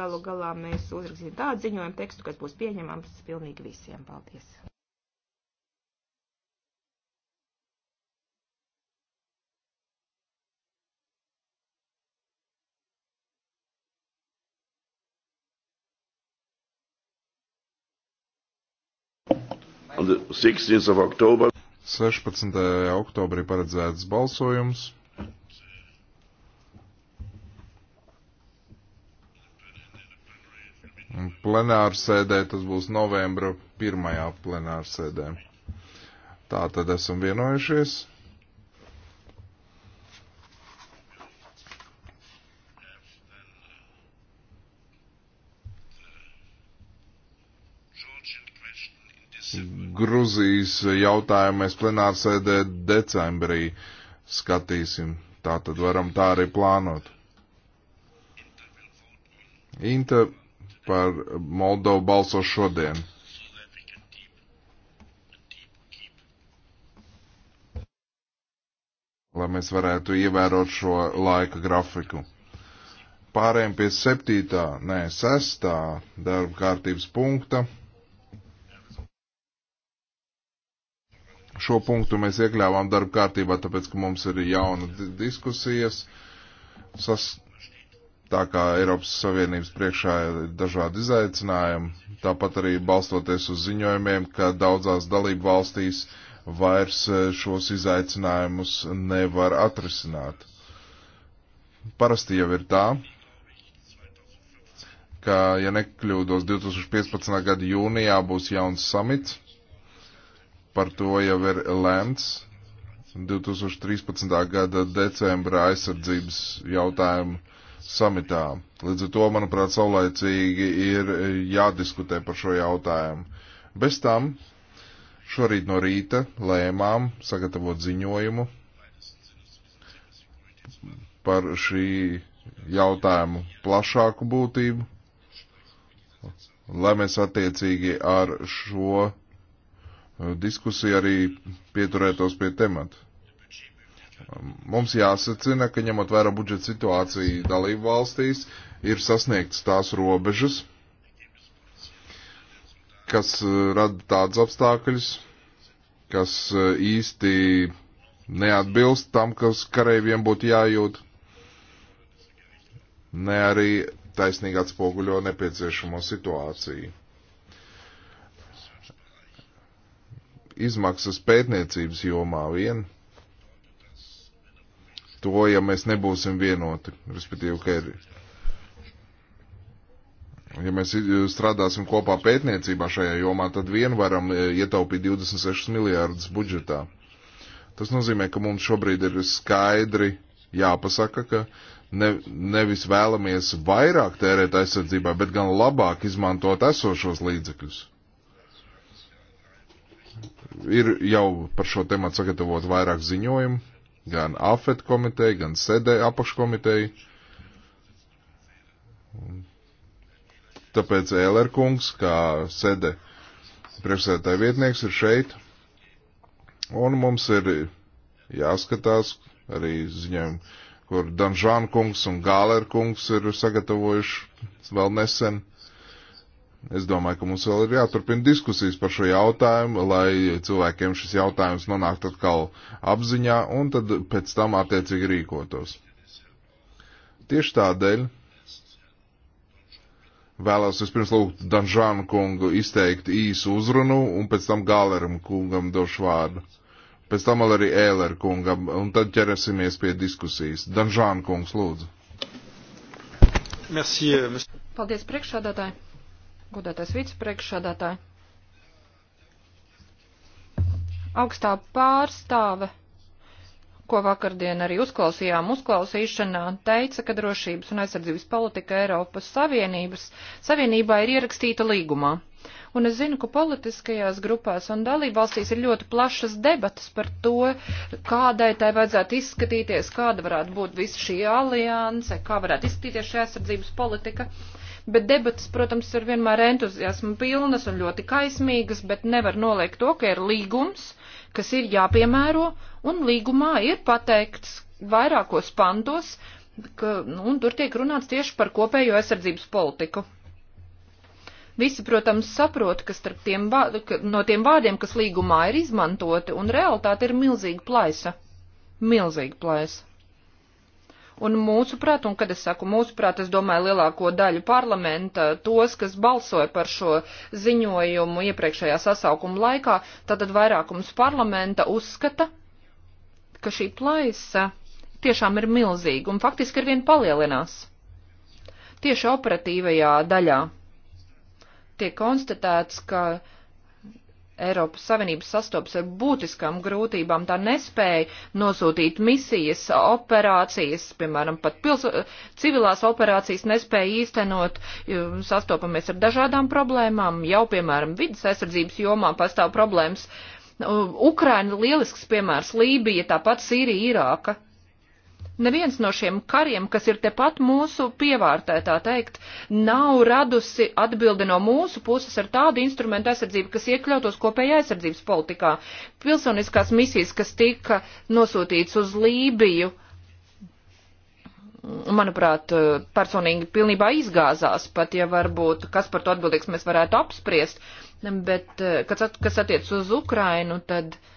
galu galā mēs uzrakstīsim tādu ziņojumu tekstu, kas būs pieņemams pilnīgi visiem. Paldies! on 16th of October. 16. oktobrī paredzēts balsojums. Plenāra sēdē tas būs novembra pirmajā plenāra sēdē. Tā tad esam vienojušies. Gruzijas jautājumu mēs plenārsēdē decembrī skatīsim. Tā tad varam tā arī plānot. Inta par Moldovu balso šodien. Lai mēs varētu ievērot šo laika grafiku. Pārējiem pie septītā, nē, sestā darba kārtības punkta. Šo punktu mēs iekļāvām darba kārtībā, tāpēc, ka mums ir jauna diskusijas. Sas, tā kā Eiropas Savienības priekšā ir dažādi izaicinājumi, tāpat arī balstoties uz ziņojumiem, ka daudzās dalību valstīs vairs e, šos izaicinājumus nevar atrisināt. Parasti jau ir tā, ka, ja nekļūdos, 2015. gada jūnijā būs jauns samits par to jau ir lemts 2013. gada decembra aizsardzības jautājumu samitā. Līdz ar to, manuprāt, saulēcīgi ir jādiskutē par šo jautājumu. Bez tam šorīt no rīta lēmām sagatavot ziņojumu par šī jautājumu plašāku būtību, lai mēs attiecīgi ar šo diskusija arī pieturētos pie temata. Mums jāsacina, ka ņemot vērā budžeta situāciju dalību valstīs, ir sasniegts tās robežas, kas eh, rada tādas apstākļus, kas eh, īsti neatbilst tam, kas kareiviem būtu jājūt, ne arī taisnīgi atspoguļo nepieciešamo situāciju. izmaksas pētniecības jomā vien. To, ja mēs nebūsim vienoti, respektīvi, ka ir. Ja mēs strādāsim kopā pētniecībā šajā jomā, tad vien varam e, ietaupīt 26 miljārdus budžetā. Tas nozīmē, ka mums šobrīd ir skaidri jāpasaka, ka ne, nevis vēlamies vairāk tērēt aizsardzībā, bet gan labāk izmantot esošos līdzekļus. Ir jau par šo tematu sagatavot vairāk ziņojumu, gan AFET komiteja, gan SEDE apakškomiteja. Tāpēc Ēler kungs, kā SEDE priekšsēdētāja vietnieks, ir šeit. Un mums ir jāskatās arī ziņojumu, kur Danžāna kungs un Gāler kungs ir sagatavojuši vēl nesen. Es domāju, ka mums vēl ir jāturpina diskusijas par šo jautājumu, lai cilvēkiem šis jautājums nonāktu atkal apziņā un tad pēc tam attiecīgi rīkotos. Tieši tādēļ vēlos vispirms lūgt Danžānu kungu izteikt īsu uzrunu un pēc tam Galeram kungam došu vārdu. Pēc tam vēl arī Ēler kungam un tad ķerasimies pie diskusijas. Danžānu kungs lūdzu. Merci, euh, Paldies priekšādātāji godātais vicepriekšsādātāji, augstā pārstāve, ko vakardien arī uzklausījām uzklausīšanā, teica, ka drošības un aizsardzības politika Eiropas Savienības Savienībā ir ierakstīta līgumā. Un es zinu, ka politiskajās grupās un dalībvalstīs ir ļoti plašas debatas par to, kādai tai vajadzētu izskatīties, kāda varētu būt visa šī alianse, kā varētu izskatīties šī aizsardzības politika. Uh, bet debatas, protams, ir vienmēr entuziasma pilnas un ļoti kaismīgas, bet nevar noliegt to, ka ir līgums, kas ir jāpiemēro, un līgumā ir pateikts vairākos pantos, ka, nu, un tur tiek runāts tieši par kopējo aizsardzības politiku. Visi, protams, saprot, ka tiem, ka no tiem vārdiem, kas līgumā ir izmantoti, un realitāte ir milzīga plaisa. Milzīga plaisa. Un mūsuprāt, un kad es saku mūsuprāt, es domāju lielāko daļu parlamenta, tos, kas balsoja par šo ziņojumu iepriekšējā sasaukuma laikā, tātad vairākums parlamenta uzskata, ka šī plaisa tiešām ir milzīga un faktiski ar vien palielinās. Tieši operatīvajā daļā tiek konstatēts, ka uh, Eiropas Savienība sastopas ar būtiskām grūtībām, tā nespēja nosūtīt misijas, operācijas, piemēram, pat pils, civilās operācijas nespēja īstenot, sastopamies ar dažādām problēmām, jau, piemēram, vidas aizsardzības jomā pastāv problēmas. Ukraina lielisks piemērs, Lībija, tāpat Sīrija, Irāka. Neviens no šiem kariem, kas ir tepat mūsu pievārtē, tā teikt, nav radusi atbildi no mūsu puses ar tādu instrumentu aizsardzību, kas iekļautos kopējā aizsardzības politikā. Pilsoniskās misijas, kas tika nosūtīts uz Lībiju, manuprāt, personīgi pilnībā izgāzās, pat ja varbūt, kas par to atbildīgs mēs varētu apspriest, bet, eh, kas, at, kas attiec uz Ukrainu, tad. Uh,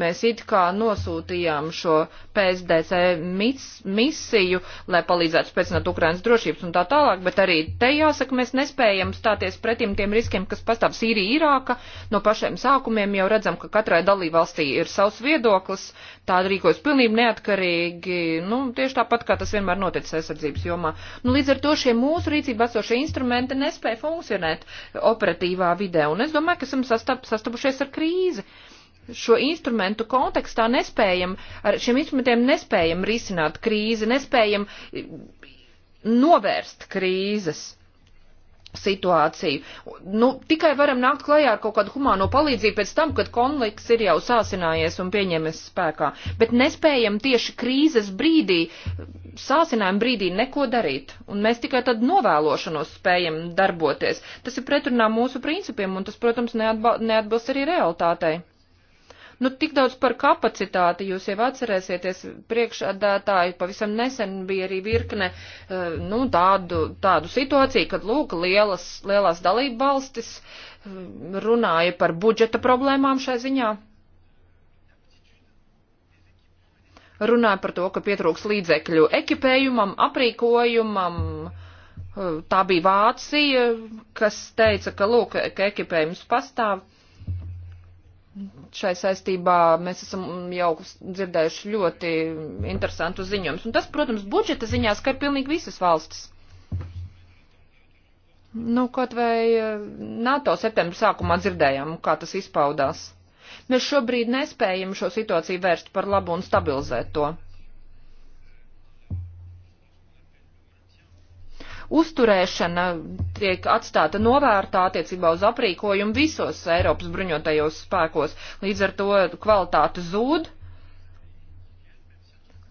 mēs it kā nosūtījām šo PSDC mis, misiju, lai palīdzētu spēcināt Ukrainas drošības un tā tālāk, bet arī te jāsaka, mēs nespējam stāties pretim tiem riskiem, kas pastāv Sīrija, Irāka. No pašiem sākumiem jau redzam, ka katrai dalībvalstī ir savs viedoklis, tā rīkojas pilnīgi neatkarīgi, nu, tieši tāpat, kā tas vienmēr noticis aizsardzības jomā. Nu, līdz ar to šie mūsu rīcība esošie instrumenti nespēja funkcionēt operatīvā vidē, un es domāju, ka esam sastapušies ar krīzi. Uh, šo instrumentu kontekstā nespējam, ar šiem instrumentiem nespējam risināt krīzi, nespējam novērst krīzes situāciju. Nu, tikai varam nākt klajā ar kaut kādu humāno palīdzību pēc tam, kad konflikts ir jau sāsinājies un pieņemies spēkā. Bet nespējam tieši krīzes brīdī, sāsinājuma brīdī neko darīt. Un mēs tikai tad novēlošanos spējam darboties. Tas ir pretrunā mūsu principiem un tas, protams, neatba, neatbilst arī realitātei. Nu, tik daudz par kapacitāti jūs jau atcerēsieties, priekšādātāji pavisam nesen bija arī virkne, eh, nu, tādu, tādu situāciju, kad, lūk, lielas, lielās dalība valstis eh, runāja par budžeta problēmām šai ziņā. runāja par to, ka pietrūks līdzekļu ekipējumam, aprīkojumam. Eh, tā bija Vācija, kas teica, ka, lūk, ka ekipējums pastāv, Šai saistībā mēs esam jau dzirdējuši ļoti interesantu ziņojumus. Un tas, protams, budžeta ziņā skar pilnīgi visas valstis. Nu, kaut vai eh, NATO septembra sākumā dzirdējām, kā tas izpaudās. Mēs šobrīd nespējam šo situāciju vērst par labu un stabilizēt to. uzturēšana tiek atstāta novērtā attiecībā uz aprīkojumu visos Eiropas bruņotajos spēkos. Līdz ar to kvalitāte zūd.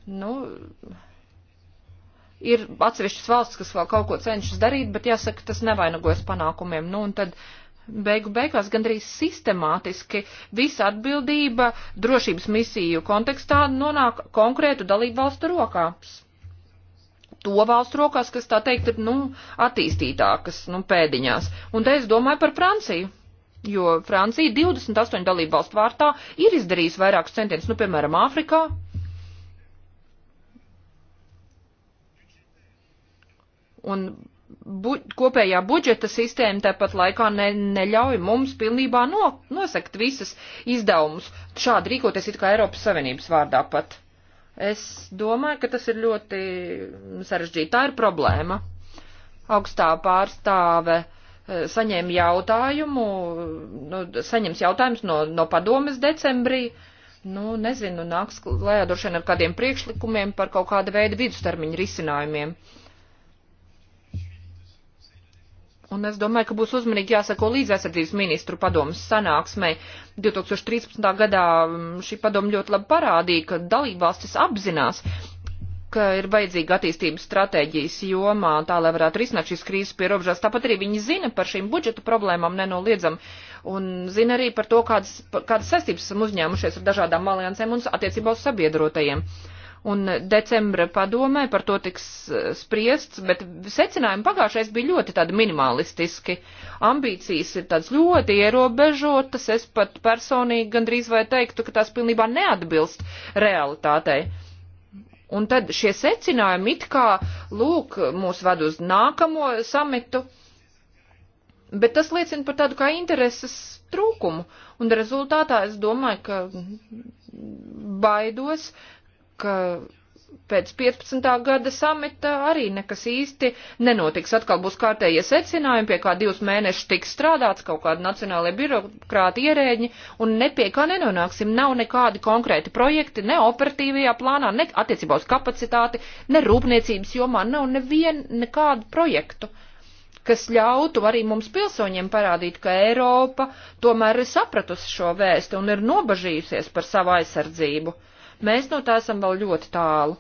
Nu, ir atsevišķas valsts, kas vēl kaut ko cenšas darīt, bet jāsaka, tas nevainagojas panākumiem. Nu, un tad beigu beigās gandrīz sistemātiski visa atbildība drošības misiju kontekstā nonāk konkrētu dalību valstu rokās to valstu rokās, kas tā teikt ir, nu, attīstītākas, nu, pēdiņās. Un te es domāju par Franciju. Jo Francija 28 dalību valstu vārtā ir izdarījusi vairākus centienus, nu, piemēram, Āfrikā, un bu kopējā budžeta sistēma tāpat laikā ne neļauj mums pilnībā no nosekt visas izdevumus. Šādi rīkoties it kā Eiropas Savienības vārdā pat. Es domāju, ka tas ir ļoti sarežģīti. Tā ir problēma. Augstā pārstāve eh, saņēma jautājumu, nu, saņems jautājumus no, no padomes decembrī. Nu, nezinu, nāks lējā droši vien ar kādiem priekšlikumiem par kaut kādu veidu vidustermiņu risinājumiem. Uh, Un es domāju, ka būs uzmanīgi jāsako līdz aizsardzības ministru padomas sanāksmē. 2013. gadā mm, šī padoma ļoti labi parādīja, ka dalībvalstis apzinās, ka ir vajadzīga attīstības stratēģijas jomā, tā lai varētu risināt šīs krīzes pie robežās. Tāpat arī viņi zina par šīm budžeta problēmām nenoliedzam un zina arī par to, kādas, kādas saistības esam uzņēmušies ar dažādām aliansēm un attiecībā uz sabiedrotajiem. Uh, un decembra padomē par to tiks eh, spriests, bet secinājumi pagājušais bija ļoti tādi minimalistiski. Ambīcijas ir tādas ļoti ierobežotas, es pat personīgi gandrīz vai teiktu, ka tās pilnībā neatbilst realitātei. Un tad šie secinājumi it kā, lūk, mūs ved uz nākamo samitu, bet tas liecina par tādu kā intereses trūkumu, un rezultātā es domāju, ka baidos, uh, ka pēc 15. gada samita arī nekas īsti nenotiks. Atkal būs kārtējie secinājumi, pie kā divus mēnešus tiks strādāts kaut kādi nacionālie birokrāti ierēģi, un ne pie kā nenonāksim. Nav nekādi konkrēti projekti, ne operatīvajā plānā, ne attiecībā uz kapacitāti, ne rūpniecības jomā, nav nevien nekādu projektu kas ļautu arī mums pilsoņiem parādīt, ka Eiropa tomēr ir sapratusi šo vēstu un ir nobažījusies par savu aizsardzību. Uh, Mēs no tā esam vēl ļoti tālu.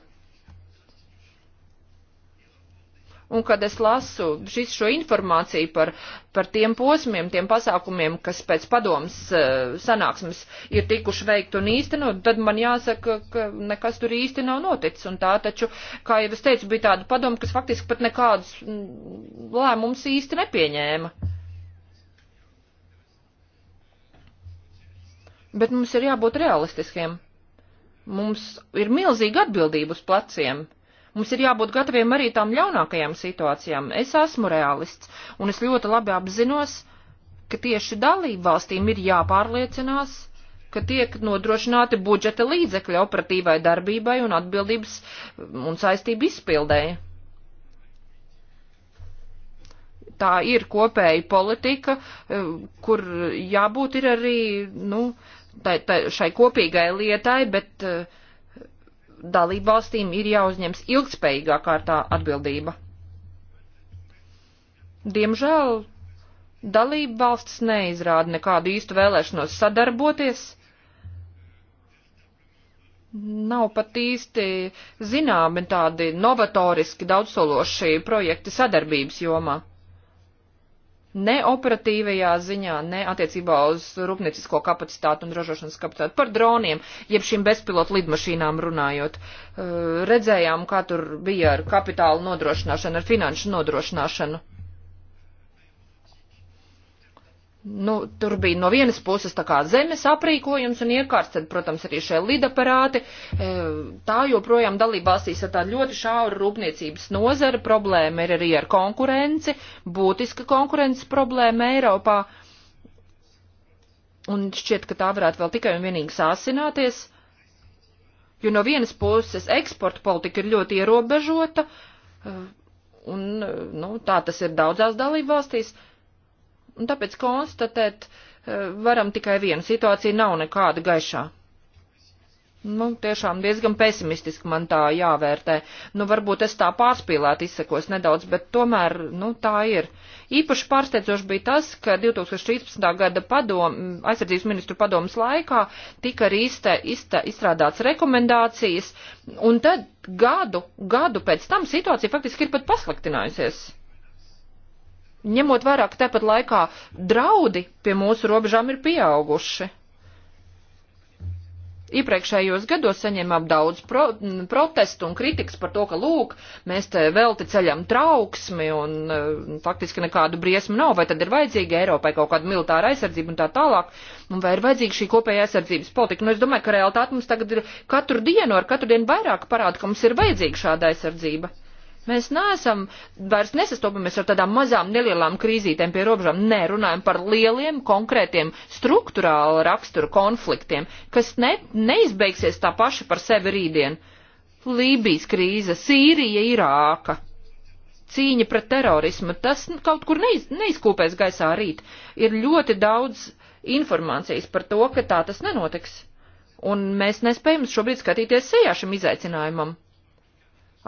Un kad es lasu šis, šo informāciju par, par tiem posmiem, tiem pasākumiem, kas pēc padomas eh, sanāksmes ir tikuši veikt un īstenot, tad man jāsaka, ka nekas tur īsti nav noticis. Un tā taču, kā jau es teicu, bija tāda padoma, kas faktiski pat nekādus mm, lēmumus īsti nepieņēma. Bet mums ir jābūt realistiskiem. Mums ir milzīga atbildība uz pleciem. Mums ir jābūt gataviem arī tām ļaunākajām situācijām. Es esmu realists, un es ļoti labi apzinos, ka tieši dalību valstīm ir jāpārliecinās, ka tiek nodrošināti budžeta līdzekļi operatīvai darbībai un atbildības un saistību izpildēji. Tā ir kopēja politika, eh, kur jābūt ir arī, nu, uh, tai, tai, šai kopīgai lietai, bet eh, dalību valstīm ir jāuzņems ilgspējīgā kārtā atbildība. Diemžēl dalību valsts neizrāda nekādu īstu vēlēšanos sadarboties. Nav pat īsti zināmi tādi novatoriski daudzsološie projekti sadarbības jomā ne operatīvajā ziņā, ne attiecībā uz rūpniecisko kapacitātu un ražošanas kapacitātu. Par droniem, jeb šīm bezpilotu lidmašīnām runājot, eh, redzējām, kā tur bija ar kapitālu nodrošināšanu, ar finanšu nodrošināšanu. Nu, tur bija no vienas puses tā kā zemes aprīkojums un iekārts, tad, protams, arī šie lidaparāti. E, tā joprojām dalībvalstīs ir tāda ļoti šaura rūpniecības nozara, problēma ir arī ar konkurenci, būtiska konkurences problēma Eiropā. Un šķiet, ka tā varētu vēl tikai un vienīgi sāsināties, jo no vienas puses eksporta politika ir ļoti ierobežota, e, un, e, nu, tā tas ir daudzās dalībvalstīs. valstīs Un tāpēc konstatēt eh, varam tikai vienu. Situācija nav nekāda gaišā. Nu, tiešām diezgan pesimistiski man tā jāvērtē. Nu, varbūt es tā pārspīlēt izsakos nedaudz, bet tomēr, nu, tā ir. Īpaši pārsteidzoši bija tas, ka 2013. gada padom, aizsardzības ministru padomas laikā tika arī izte, izte, izstrādāts rekomendācijas, un tad gadu, gadu pēc tam situācija faktiski ir pat pasliktinājusies ņemot vērā, ka tāpat laikā draudi pie mūsu robežām ir pieauguši. Iepriekšējos gados saņēmām daudz pro, protestu un kritikas par to, ka, lūk, mēs te velti ceļam trauksmi un uh, faktiski nekādu briesmu nav, vai tad ir vajadzīga Eiropai kaut kāda militāra aizsardzība un tā tālāk, un vai ir vajadzīga šī kopēja aizsardzības politika. Nu, es domāju, ka realitāte mums tagad ir katru dienu, ar katru dienu vairāk parāda, ka mums ir vajadzīga šāda aizsardzība. Mēs neesam vairs nesastopamies ar tādām mazām nelielām krīzītēm pie robežām. Nē, runājam par lieliem, konkrētiem, struktūrāla rakstura konfliktiem, kas ne, neizbeigsies tā paši par sevi rītdien. Lībijas krīze, Sīrija, Irāka, cīņa pret terorismu, tas kaut kur neiz, neizkūpēs gaisā rīt. Ir ļoti daudz informācijas par to, ka tā tas nenotiks. Un mēs nespējam šobrīd skatīties sejā šim izaicinājumam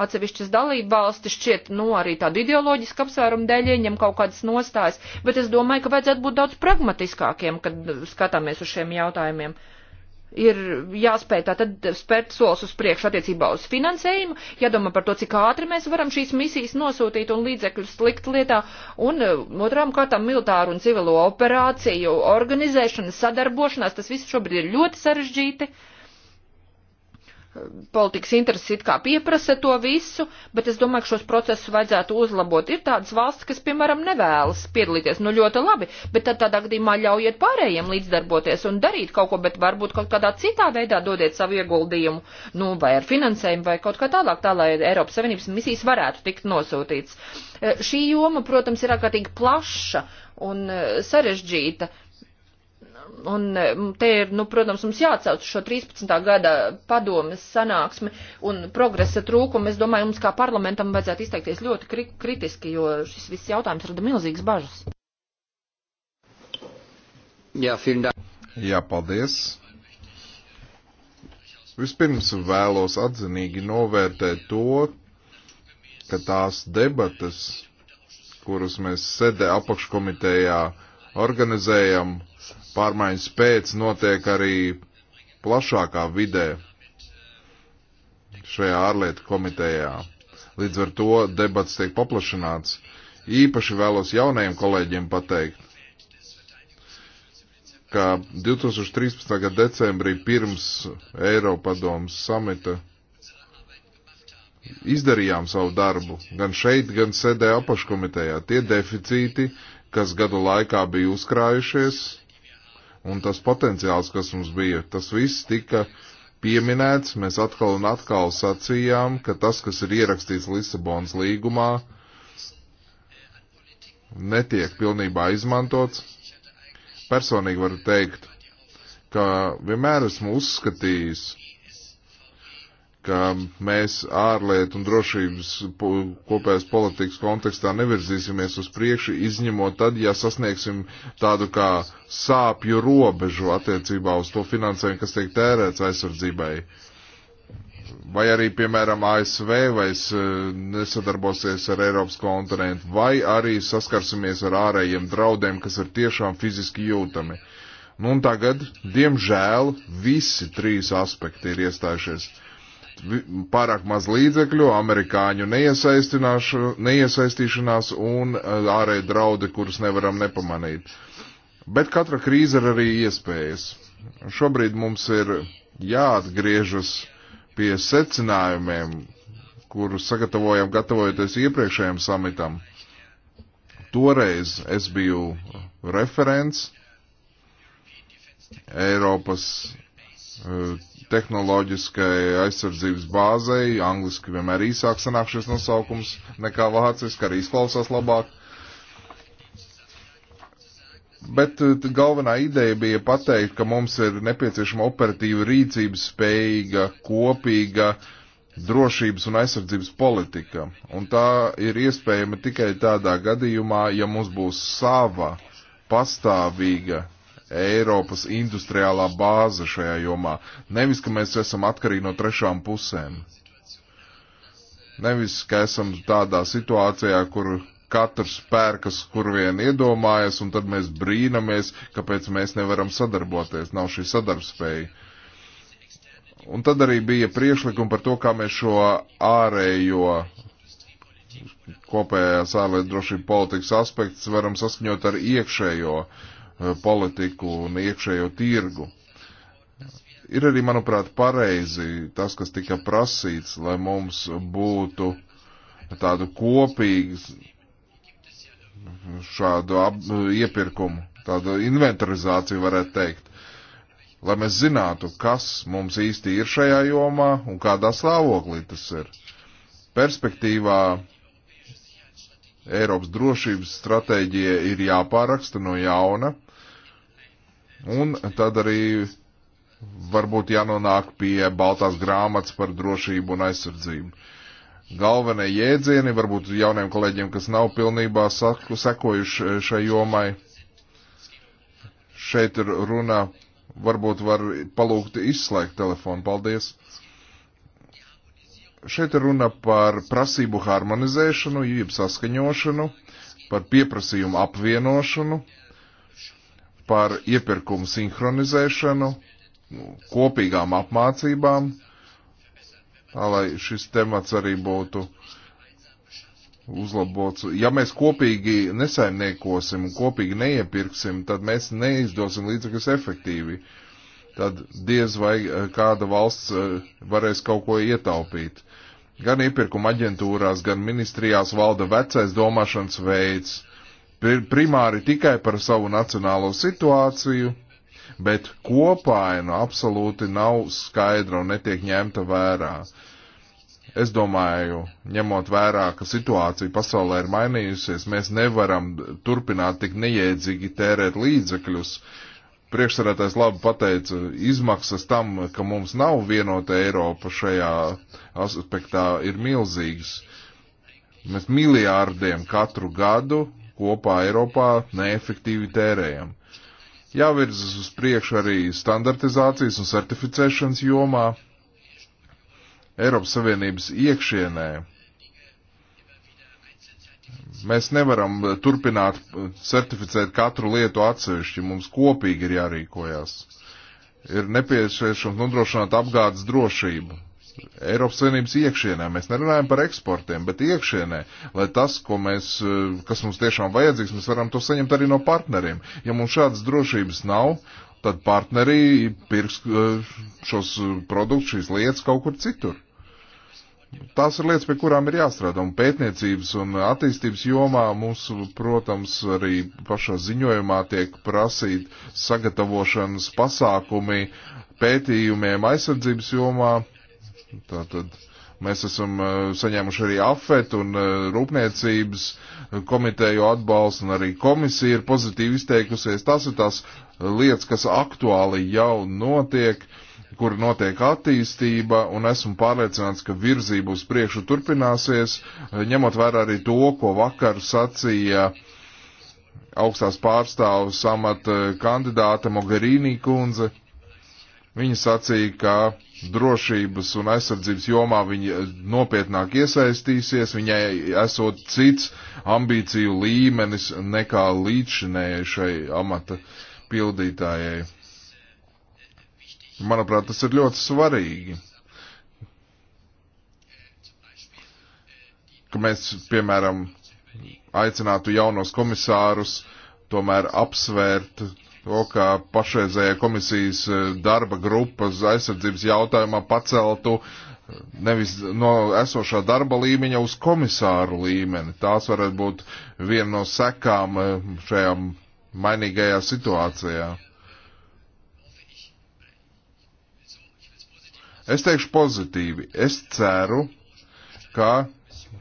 Atsevišķas dalība valstis šķiet, nu, arī tādu ideoloģisku apsvērumu dēļ ieņem kaut kādas nostājas, bet es domāju, ka vajadzētu būt daudz pragmatiskākiem, kad skatāmies uz šiem jautājumiem ir jāspēj tātad spērt solis uz priekšu attiecībā uz finansējumu, jādomā par to, cik ātri mēs varam šīs misijas nosūtīt un līdzekļus likt lietā, un eh, otrām kārtām militāru un civilo operāciju organizēšana, sadarbošanās, tas viss šobrīd ir ļoti sarežģīti. Uh, politikas intereses it kā pieprasa to visu, bet es domāju, ka šos procesus vajadzētu uzlabot. Ir tādas valsts, kas, piemēram, nevēlas piedalīties, nu ļoti labi, bet tad tādā gadījumā ļaujiet pārējiem līdzdarboties un darīt kaut ko, bet varbūt kaut kādā citā veidā dodiet savu ieguldījumu, nu vai ar finansējumu vai kaut kā tālāk, tā lai Eiropas Savienības misijas varētu tikt nosūtīts. Šī joma, protams, ir ārkārtīgi plaša un eh, sarežģīta un e, te ir, nu, protams, mums jāatsauc šo 13. gada padomes sanāksmi un progresa trūkumu. Es domāju, mums kā parlamentam vajadzētu izteikties ļoti kri kritiski, jo šis viss jautājums rada milzīgas bažas. Jā, Jā, paldies. Vispirms vēlos atzinīgi novērtēt to, ka tās debatas, kuras mēs sēdē apakškomitejā organizējam, pārmaiņas pēc notiek arī plašākā vidē šajā ārlietu komitejā. Līdz ar to debats tiek paplašināts. Īpaši vēlos jaunajiem kolēģiem pateikt, ka 2013. gada decembrī pirms Eiropadomas samita izdarījām savu darbu gan šeit, gan sēdē apaškomitejā. Tie deficīti, kas gadu laikā bija uzkrājušies, un tas potenciāls, kas mums bija, tas viss tika pieminēts. Mēs atkal un atkal sacījām, ka tas, kas ir ierakstīts Lisabonas līgumā, netiek pilnībā izmantots. Personīgi varu teikt, ka vienmēr esmu uzskatījis, ka mēs ārlietu un drošības kopējās politikas kontekstā nevirzīsimies uz priekšu, izņemot tad, ja sasniegsim tādu kā sāpju robežu attiecībā uz to finansējumu, kas tiek tērēts aizsardzībai. Vai arī, piemēram, ASV vai e, nesadarbosies ar Eiropas kontinentu, vai arī saskarsimies ar ārējiem draudiem, kas ir tiešām fiziski jūtami. Nu un tagad, diemžēl, visi trīs aspekti ir iestājušies. Uh, pārāk maz līdzekļu, amerikāņu neiesaistīšanās un eh, ārēji draudi, kurus nevaram nepamanīt. Bet katra krīze ir arī iespējas. Šobrīd mums ir jāatgriežas pie secinājumiem, kurus sagatavojam gatavojoties iepriekšējiem samitam. Toreiz es biju referents Eiropas Eh, tehnoloģiskai aizsardzības bāzei, angliski vienmēr īsāk sanākšies nosaukums nekā vāciski, arī izklausās labāk. Bet eh, galvenā ideja bija pateikt, ka mums ir nepieciešama operatīva rīcības spējīga, kopīga drošības un aizsardzības politika. Un tā ir iespējama tikai tādā gadījumā, ja mums būs sava pastāvīga Eiropas industriālā bāze šajā jomā. Nevis, ka mēs esam atkarīgi no trešām pusēm. Nevis, ka esam tādā situācijā, kur katrs pērkas, kur vien iedomājas, un tad mēs brīnamies, kāpēc mēs nevaram sadarboties, nav šī sadarbspēja. Un tad arī bija priešlikumi par to, kā mēs šo ārējo kopējās ārlietu drošību politikas aspekts varam saskaņot ar iekšējo uh, Eh, politiku un iekšējo tirgu. Ir arī, manuprāt, pareizi tas, kas tika prasīts, lai mums būtu tādu kopīgu šādu ap, iepirkumu, tādu inventarizāciju varētu teikt, lai mēs zinātu, kas mums īsti ir šajā jomā un kādā stāvoklī tas ir. Perspektīvā Eiropas drošības stratēģija ir jāpāraksta no jauna Un tad arī varbūt jānonāk pie Baltās grāmatas par drošību un aizsardzību. Galvenie jēdzieni varbūt jauniem kolēģiem, kas nav pilnībā saku, sekojuši šai jomai. Šeit ir runa, varbūt var palūgt izslēgt telefonu. Paldies! Šeit ir runa par prasību harmonizēšanu, jeb saskaņošanu, par pieprasījumu apvienošanu par iepirkumu sinhronizēšanu, nu, kopīgām apmācībām, tā lai šis temats arī būtu uzlabots. Ja mēs kopīgi nesaimniekosim un kopīgi neiepirksim, tad mēs neizdosim līdzekļus efektīvi. Tad diez vai eh, kāda valsts eh, varēs kaut ko ietaupīt. Gan iepirkuma aģentūrās, gan ministrijās valda vecais domāšanas veids, uh, primāri tikai par savu nacionālo situāciju, bet kopaina nu absolūti nav skaidra un netiek ņemta vērā. Es domāju, ņemot vērā, ka situācija pasaulē ir mainījusies, mēs nevaram turpināt tik neiedzīgi tērēt līdzekļus. Priekšsarētais labi pateica, izmaksas tam, ka mums nav vienota Eiropa šajā aspektā ir milzīgas. Mēs miljārdiem katru gadu kopā Eiropā neefektīvi tērējam. Jāvirzas uz priekšu arī standartizācijas un certificēšanas jomā Eiropas Savienības iekšienē. Mēs nevaram turpināt certificēt katru lietu atsevišķi, mums kopīgi ir jārīkojas. Ir nepieciešams nodrošināt apgādes drošību Eiropas Savienības iekšienē. Mēs nerunājam par eksportiem, bet iekšienē, lai tas, ko mēs, eh, kas mums tiešām vajadzīgs, mēs varam to saņemt arī no partneriem. Ja mums šādas drošības nav, tad partneri pirks eh, šos eh, produktus, šīs lietas kaut kur citur. Tās ir lietas, pie kurām ir jāstrādā, un pētniecības un attīstības jomā mums, protams, arī pašā ziņojumā tiek prasīt sagatavošanas pasākumi pētījumiem aizsardzības jomā, Tātad mēs esam saņēmuši arī afet un rūpniecības komiteju atbalstu un arī komisija ir pozitīvi izteikusies. Tas ir tās lietas, kas aktuāli jau notiek, kur notiek attīstība un esmu pārliecināts, ka virzība uz priekšu turpināsies, ņemot vērā arī to, ko vakar sacīja augstās pārstāvus amata kandidāte Mogherīnī kundze. Viņa sacīja, ka drošības un aizsardzības jomā viņa nopietnāk iesaistīsies, viņai esot cits ambīciju līmenis nekā līdzinējai šai amata pildītājai. Manuprāt, tas ir ļoti svarīgi. Ka mēs, piemēram, aicinātu jaunos komisārus tomēr apsvērt to, ka pašreizējā komisijas e, darba grupas aizsardzības jautājumā paceltu e, nevis no esošā darba līmeņa uz komisāru līmeni. Tās varētu būt viena no sekām e, šajā mainīgajā situācijā. Es teikšu pozitīvi. Es ceru, ka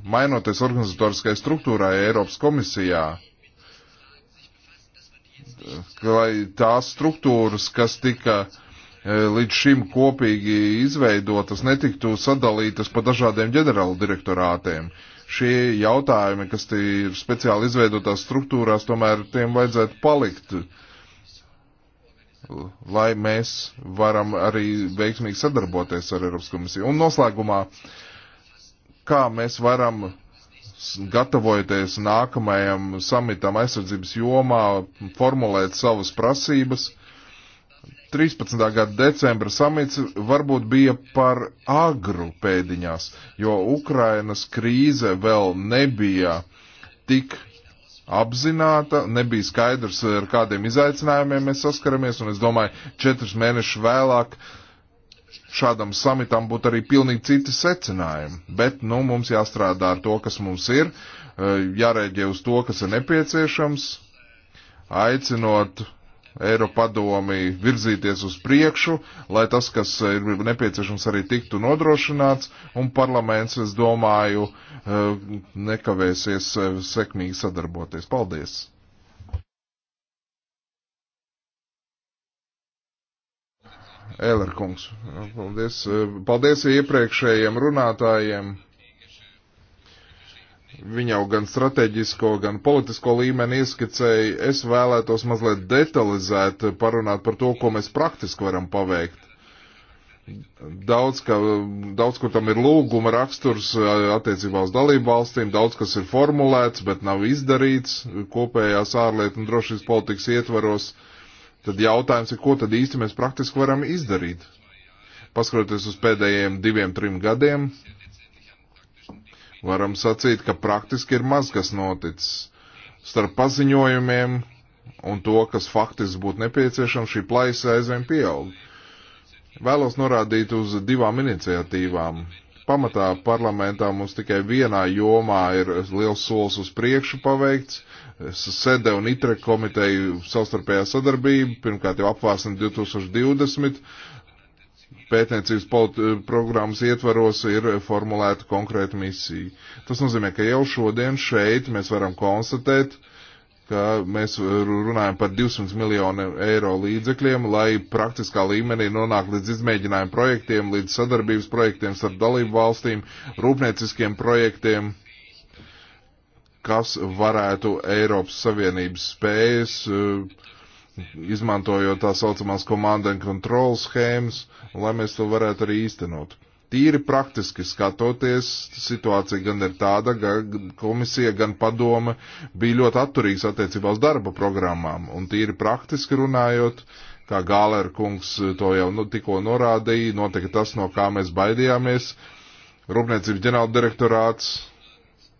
mainoties organizatoriskai struktūrai Eiropas komisijā, lai tās struktūras, kas tika e, līdz šim kopīgi izveidotas, netiktu sadalītas pa dažādiem ģenerāla direktorātiem. Šie jautājumi, kas ir speciāli izveidotās struktūrās, tomēr tiem vajadzētu palikt, lai mēs varam arī veiksmīgi sadarboties ar Eiropas komisiju. Un noslēgumā, kā mēs varam gatavojoties nākamajam samitam aizsardzības jomā, formulēt savas prasības. 13. gada decembra samits varbūt bija par agru pēdiņās, jo Ukrainas krīze vēl nebija tik apzināta, nebija skaidrs, ar kādiem izaicinājumiem mēs saskaramies, un es domāju, četrus mēnešus vēlāk uh, šādam samitam būtu arī pilnīgi citi secinājumi. Bet, nu, mums jāstrādā ar to, kas mums ir, e, jārēģē uz to, kas ir nepieciešams, aicinot Eiropadomi virzīties uz priekšu, lai tas, kas ir nepieciešams, arī tiktu nodrošināts, un parlaments, es domāju, e, nekavēsies sekmīgi sadarboties. Paldies! Ēlerkungs. Paldies. Paldies iepriekšējiem runātājiem. Viņa jau gan strateģisko, gan politisko līmeni ieskicēja. Es vēlētos mazliet detalizēt parunāt par to, ko mēs praktiski varam paveikt. Daudz, ka, daudz, kur tam ir lūguma raksturs attiecībā uz dalību valstīm, daudz, kas ir formulēts, bet nav izdarīts kopējās ārlietu un drošības politikas ietvaros. Uh, Tad jautājums ir, ko tad īsti mēs praktiski varam izdarīt? Paskatoties uz pēdējiem diviem, trim gadiem, varam sacīt, ka praktiski ir maz kas noticis. Starp paziņojumiem un to, kas faktiski būtu nepieciešams, šī plaisa aizvien pieaug. Vēlos norādīt uz divām iniciatīvām. Pamatā parlamentā mums tikai vienā jomā ir liels solis uz priekšu paveikts, Sede un Itre komiteju savstarpējā sadarbība, pirmkārt jau apvārsni 2020, pētniecības programmas ietvaros ir formulēta konkrēta misija. Tas nozīmē, ka jau šodien šeit mēs varam konstatēt, ka mēs runājam par 200 miljonu eiro līdzekļiem, lai praktiskā līmenī nonāk līdz izmēģinājumu projektiem, līdz sadarbības projektiem starp dalību valstīm, rūpnieciskiem projektiem kas varētu Eiropas Savienības spējas, eh, izmantojot tā saucamās komanda un kontrola schēmas, lai mēs to varētu arī īstenot. Tīri praktiski skatoties, situācija gan ir tāda, ka komisija, gan padome bija ļoti atturīgs attiecībā uz darba programmām, un tīri praktiski runājot, kā Gālēra kungs to jau nu, tikko norādīja, notika tas, no kā mēs baidījāmies. Rūpniecības ģenerāldirektorāts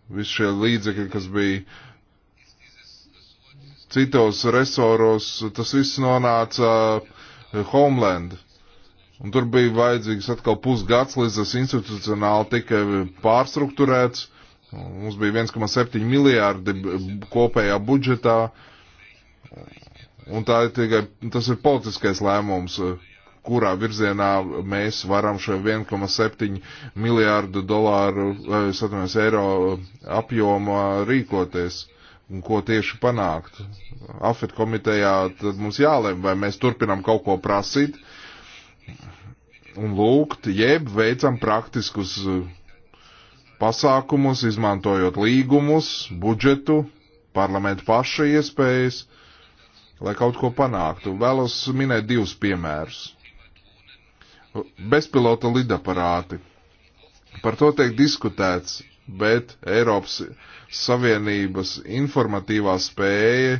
Visi šie līdzekļi, kas bija citos resoros, tas viss nonāca eh, Homeland. Un tur bija vajadzīgs atkal pusgads, līdz tas institucionāli tika pārstruktūrēts. Mums bija 1,7 miljārdi kopējā budžetā. Un tā ir tikai, tas ir politiskais lēmums. Eh, kurā virzienā mēs varam šo 1,7 miljārdu dolāru, satunies, eiro apjomā rīkoties un ko tieši panākt. Afet komitejā tad mums jālem, vai mēs turpinam kaut ko prasīt un lūgt, jeb veicam praktiskus pasākumus, izmantojot līgumus, budžetu, parlamentu paša iespējas, lai kaut ko panāktu. Vēlos minēt divus piemērus bezpilota lidaparāti. Par to tiek diskutēts, bet Eiropas Savienības informatīvā spēja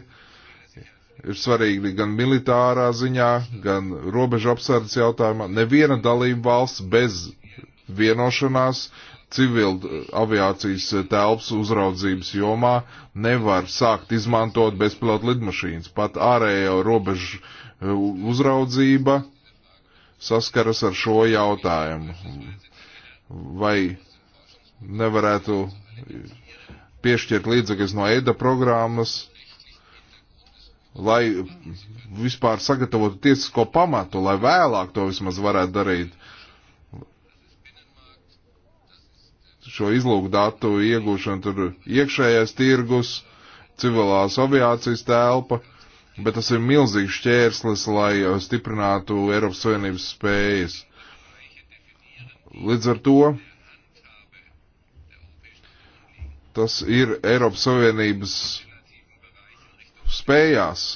ir svarīga gan militārā ziņā, gan robežu apsardzes jautājumā. Neviena dalība valsts bez vienošanās civilu aviācijas telpas uzraudzības jomā nevar sākt izmantot bezpilotu lidmašīnas. Pat ārējo robežu eh, uzraudzība saskaras ar šo jautājumu. Vai nevarētu piešķirt līdzekļus no EIDA programmas, lai vispār sagatavotu tiesisko pamatu, lai vēlāk to vismaz varētu darīt. Šo izlūku datu iegūšanu tur iekšējais tirgus, civilās aviācijas telpa bet tas ir milzīgs šķērslis, lai uh, stiprinātu Eiropas Savienības spējas. Līdz ar to tas ir Eiropas Savienības spējās.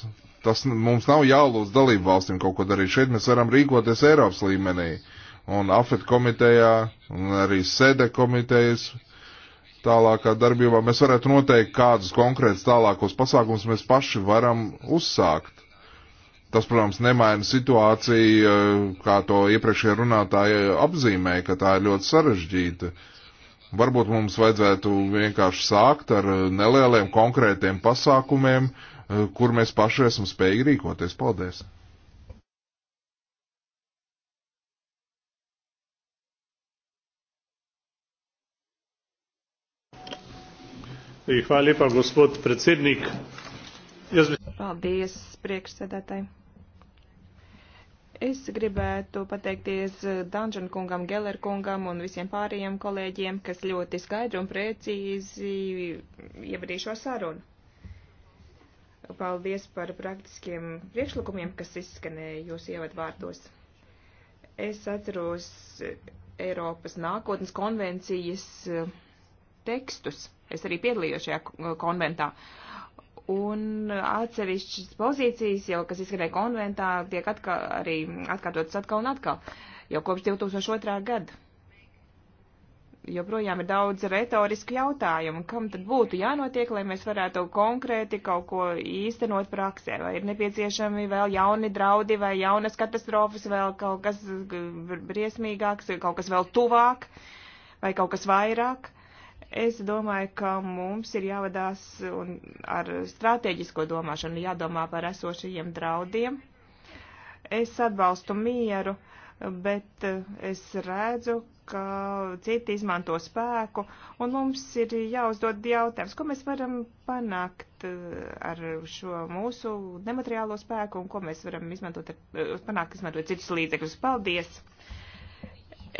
Tas mums nav jālūdz dalību valstīm kaut ko darīt. Šeit mēs varam rīkoties Eiropas līmenī. Un AFET komitejā, un arī SEDE komitejas, uh, tālākā darbībā, mēs varētu noteikt, kādus konkrētus tālākos pasākums mēs paši varam uzsākt. Tas, protams, nemaina situāciju, eh, kā to iepriekšējā runātāja apzīmēja, ka tā ir ļoti sarežģīta. Varbūt mums vajadzētu vienkārši sākt ar eh, nelieliem konkrētiem pasākumiem, eh, kur mēs paši esam spējīgi rīkoties. Paldies! Hvala lepa, gospod predsednik. Jaz... Paldies, priekšsēdētāji. Es gribētu pateikties Danžan kungam, Geller kungam un visiem pārējiem kolēģiem, kas ļoti skaidri un precīzi ievadīja šo sarunu. Paldies par praktiskiem priekšlikumiem, kas izskanēja jūsu ievadvārdos. Es atceros Eiropas nākotnes konvencijas eh, tekstus Es arī piedalījos šajā konventā. Un atsevišķas pozīcijas, jau, kas izskanēja konventā, tiek atkal, arī atkārtotas atkal un atkal, jau kopš 2002. gada. Joprojām ir daudz retorisku jautājumu, kam tad būtu jānotiek, lai mēs varētu konkrēti kaut ko īstenot praksē, vai ir nepieciešami vēl jauni draudi, vai jaunas katastrofas, vēl kaut kas briesmīgāks, kaut kas vēl tuvāk, vai kaut kas vairāk Es domāju, ka mums ir jāvadās ar strateģisko domāšanu, jādomā par esošajiem draudiem. Es atbalstu mieru, bet es redzu, ka citi izmanto spēku, un mums ir jāuzdod jautājums, ko mēs varam panākt eh, ar šo mūsu nemateriālo spēku, un ko mēs varam izmantot, eh, panākt, izmantot citus līdzekļus. Paldies!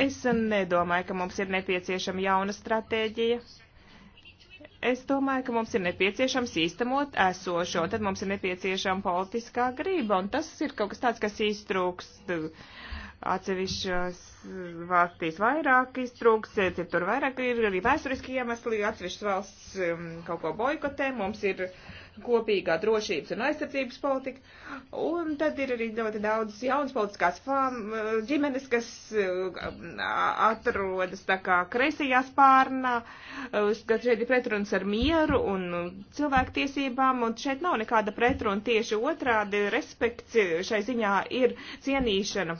Es nedomāju, ka mums ir nepieciešama jauna stratēģija. Es domāju, ka mums ir nepieciešams īstenot esošo, tad mums ir nepieciešama politiskā grība, un tas ir kaut kas tāds, kas iztrūkst atsevišķos valstīs vairāk iztrūks, citur vairāk ir arī vēsturiski iemesli, atsevišķas valsts um, kaut ko boikotē, mums ir uh, kopīgā drošības un aizsardzības politika. Un tad ir arī ļoti daudz jaunas politiskās fām, ģimenes, kas uh, atrodas tā kā kreisajā spārnā, uh, kas šeit ir pretruns ar mieru un cilvēktiesībām, un šeit nav nekāda pretruna tieši otrādi. Respekts šai ziņā ir cienīšana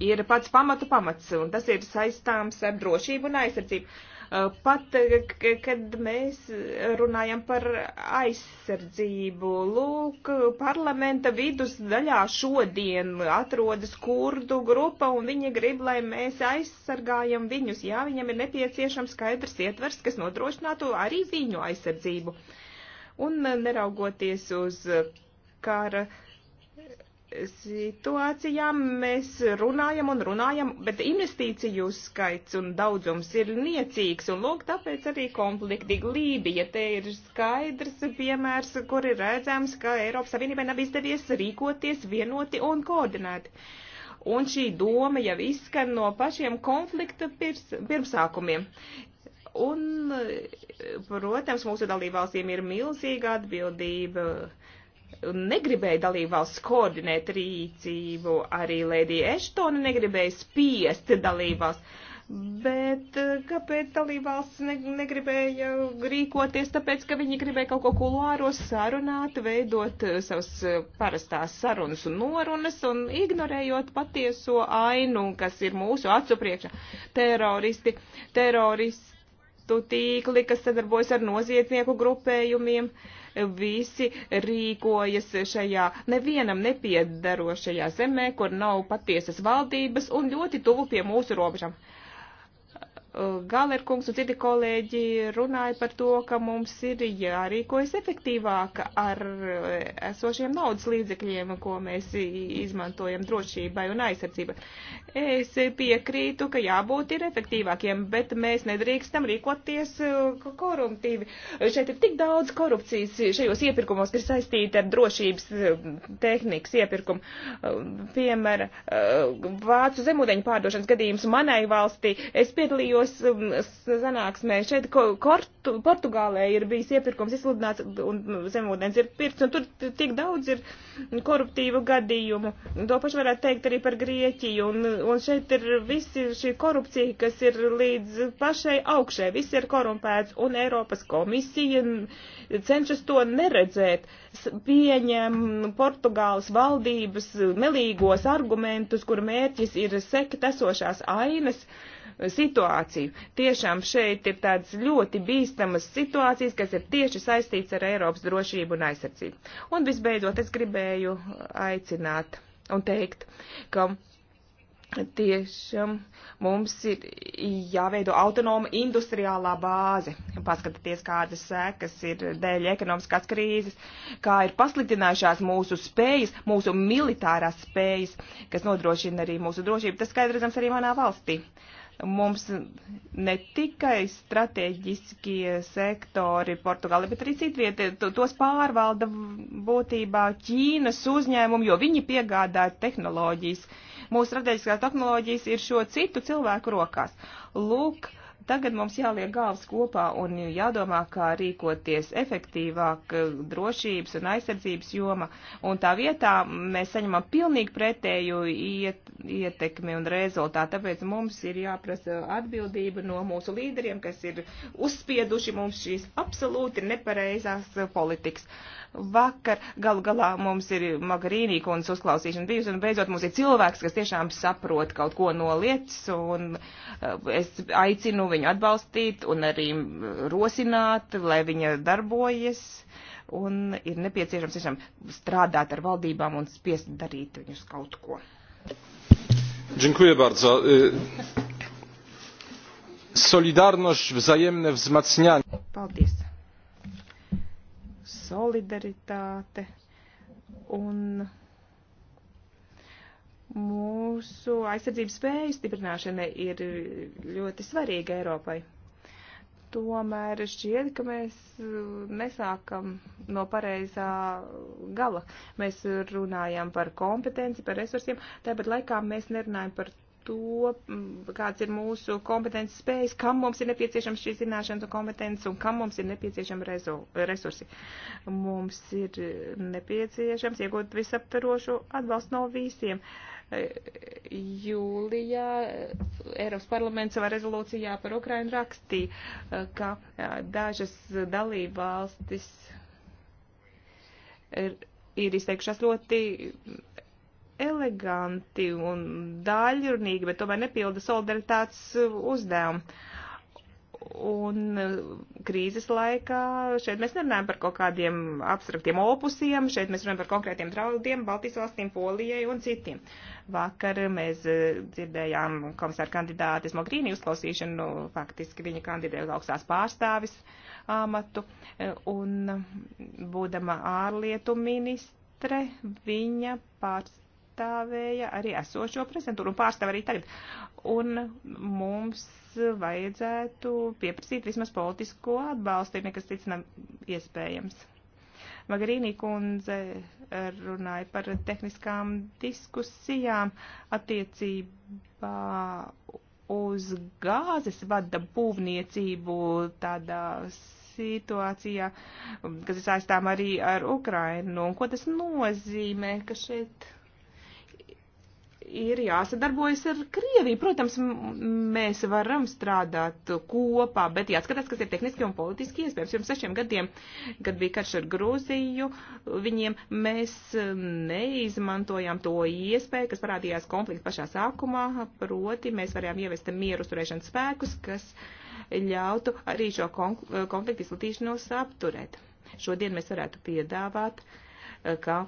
ir pats pamatu pamats, un tas ir saistāms ar drošību un aizsardzību. Pat, kad mēs runājam par aizsardzību, lūk, parlamenta vidus daļā šodien atrodas kurdu grupa, un viņi grib, lai mēs aizsargājam viņus. Jā, viņam ir nepieciešams skaidrs ietvers, kas nodrošinātu arī viņu aizsardzību. Un neraugoties uz kara. Uh, situācijām mēs runājam un runājam, bet investīciju skaits un daudzums ir niecīgs, un lūk, tāpēc arī konfliktīgi Lībija. Te ir skaidrs piemērs, kur ir redzams, ka Eiropas Savienībai nav izdevies rīkoties vienoti un koordinēti. Un šī doma jau izskan no pašiem konflikta pirs, pirmsākumiem. Un, protams, mūsu dalībvalstīm ir milzīga atbildība. Uh, negribēja dalībvalsts koordinēt rīcību, arī Lēdija Eštona negribēja spiest dalībvalsts. Bet eh, kāpēc dalībvalsts ne, negribēja rīkoties? Tāpēc, ka viņi gribēja kaut ko kuluāros sarunāt, veidot eh, savas eh, parastās sarunas un norunas un ignorējot patieso ainu, kas ir mūsu acu priekšā. Teroristi, teroristu tīkli, kas sadarbojas ar noziedznieku grupējumiem. Uh, visi rīkojas šajā nevienam nepiedarošajā zemē, kur nav patiesas valdības un ļoti tuvu pie mūsu robežām. Uh, Galerkungs un citi kolēģi runāja par to, ka mums ir jārīkojas efektīvāk ar esošiem naudas līdzekļiem, ko mēs izmantojam drošībai un aizsardzībai. Es piekrītu, ka jābūt ir efektīvākiem, bet mēs nedrīkstam rīkoties uh, koruptīvi. Šeit ir tik daudz korupcijas šajos iepirkumos, kas saistīti ar drošības um, tehnikas iepirkumu. Um, Piemēram, uh, Vācu zemūdeņu pārdošanas gadījums manai valstī. Es piedalījos pasaules um, sanāksmē. Šeit kortu, Portugālē ir bijis iepirkums izsludināts un zemūdens ir pirts, un tur tik daudz ir koruptīvu gadījumu. To pašu varētu teikt arī par Grieķiju, un, un šeit ir visi šī korupcija, kas ir līdz pašai augšē, viss ir korumpēts, un Eiropas komisija cenšas to neredzēt, pieņem Portugāles valdības melīgos argumentus, kur mērķis ir sekt esošās ainas. Uh, situāciju. Tiešām šeit ir tādas ļoti bīstamas situācijas, kas ir tieši saistīts ar Eiropas drošību un aizsardzību. Un visbeidzot, es gribēju aicināt un teikt, ka tiešām mums ir jāveido autonoma industriālā bāze. Paskatieties, kādas sekas ir dēļ ekonomiskās krīzes, kā ir pasliktinājušās mūsu spējas, mūsu militārās spējas, kas nodrošina arī mūsu drošību. Tas skaidrs redzams arī manā valstī. Uh, mums ne tikai strateģiskie sektori Portugāli, bet arī citvieti, tos pārvalda būtībā Ķīnas uzņēmumi, jo viņi piegādā tehnoloģijas. Mūsu strateģiskās tehnoloģijas ir šo citu cilvēku rokās. Lūk, uh, Tagad mums jāliek galvas kopā un jādomā, kā rīkoties efektīvāk eh, drošības un aizsardzības joma. Un tā vietā mēs saņemam pilnīgi pretēju iet, ietekmi un rezultātu. Tāpēc mums ir jāprasa atbildība no mūsu līderiem, kas ir uzspieduši mums šīs absolūti nepareizās eh, politikas vakar. Galu galā mums ir Magarīnī kundas uzklausīšana bijusi, un beidzot mums ir cilvēks, kas tiešām saprot kaut ko no lietas, un uh, es aicinu viņu atbalstīt un arī rosināt, lai viņa darbojas, un ir nepieciešams tiešām strādāt ar valdībām un spiest darīt viņus kaut ko. Dziękuję bardzo. Solidarność, wzajemne wzmacnianie. Paldies solidaritāte un mūsu aizsardzības spēju stiprināšana ir ļoti svarīga Eiropai. Tomēr šķiet, ka mēs nesākam no pareizā gala. Mēs runājam par kompetenci, par resursiem, tāpat laikā mēs nerunājam par to, mm, kāds ir mūsu kompetences spējas, kam mums ir nepieciešams šīs zināšanas un kompetences un kam mums ir nepieciešami resursi. Mums ir nepieciešams iegūt visaptarošu atbalstu no visiem. E, Jūlijā Eiropas parlaments savā rezolūcijā par Ukrainu rakstīja, e, ka e, dažas dalībvalstis ir, ir izteikušās ļoti eleganti un dāļrunīgi, bet tomēr nepilda solidaritātes uh, uzdevumu. Un uh, krīzes laikā šeit mēs nerunājam par kaut kādiem abstraktiem opusiem, šeit mēs runājam par konkrētiem draudiem Baltijas valstīm, Polijai un citiem. Vakar mēs uh, dzirdējām komisāra kandidātes Mogrīni uzklausīšanu, faktiski viņa kandidēja uz augstās pārstāvis amatu, un būdama ārlietu ministre, viņa pārstāvis pārstāvēja arī esošo prezidentūru un pārstāv arī tagad. Un mums vajadzētu pieprasīt vismaz politisko atbalstu, ja nekas cits nav iespējams. Magarīnī kundze runāja par tehniskām diskusijām attiecībā uz gāzes vada būvniecību tādā situācijā, kas ir saistām arī ar Ukrainu. Un ko tas nozīmē, ka šeit ir jāsadarbojas ar Krieviju. Protams, mēs varam strādāt kopā, bet jāskatās, kas ir tehniski un politiski iespējams. Pirms sešiem gadiem, kad bija karš ar Grūziju, viņiem mēs neizmantojām to iespēju, kas parādījās konflikta pašā sākumā, proti mēs varējām ievest mieru uzturēšanas spēkus, kas ļautu arī šo konfliktu izplatīšanos apturēt. Šodien mēs varētu piedāvāt, ka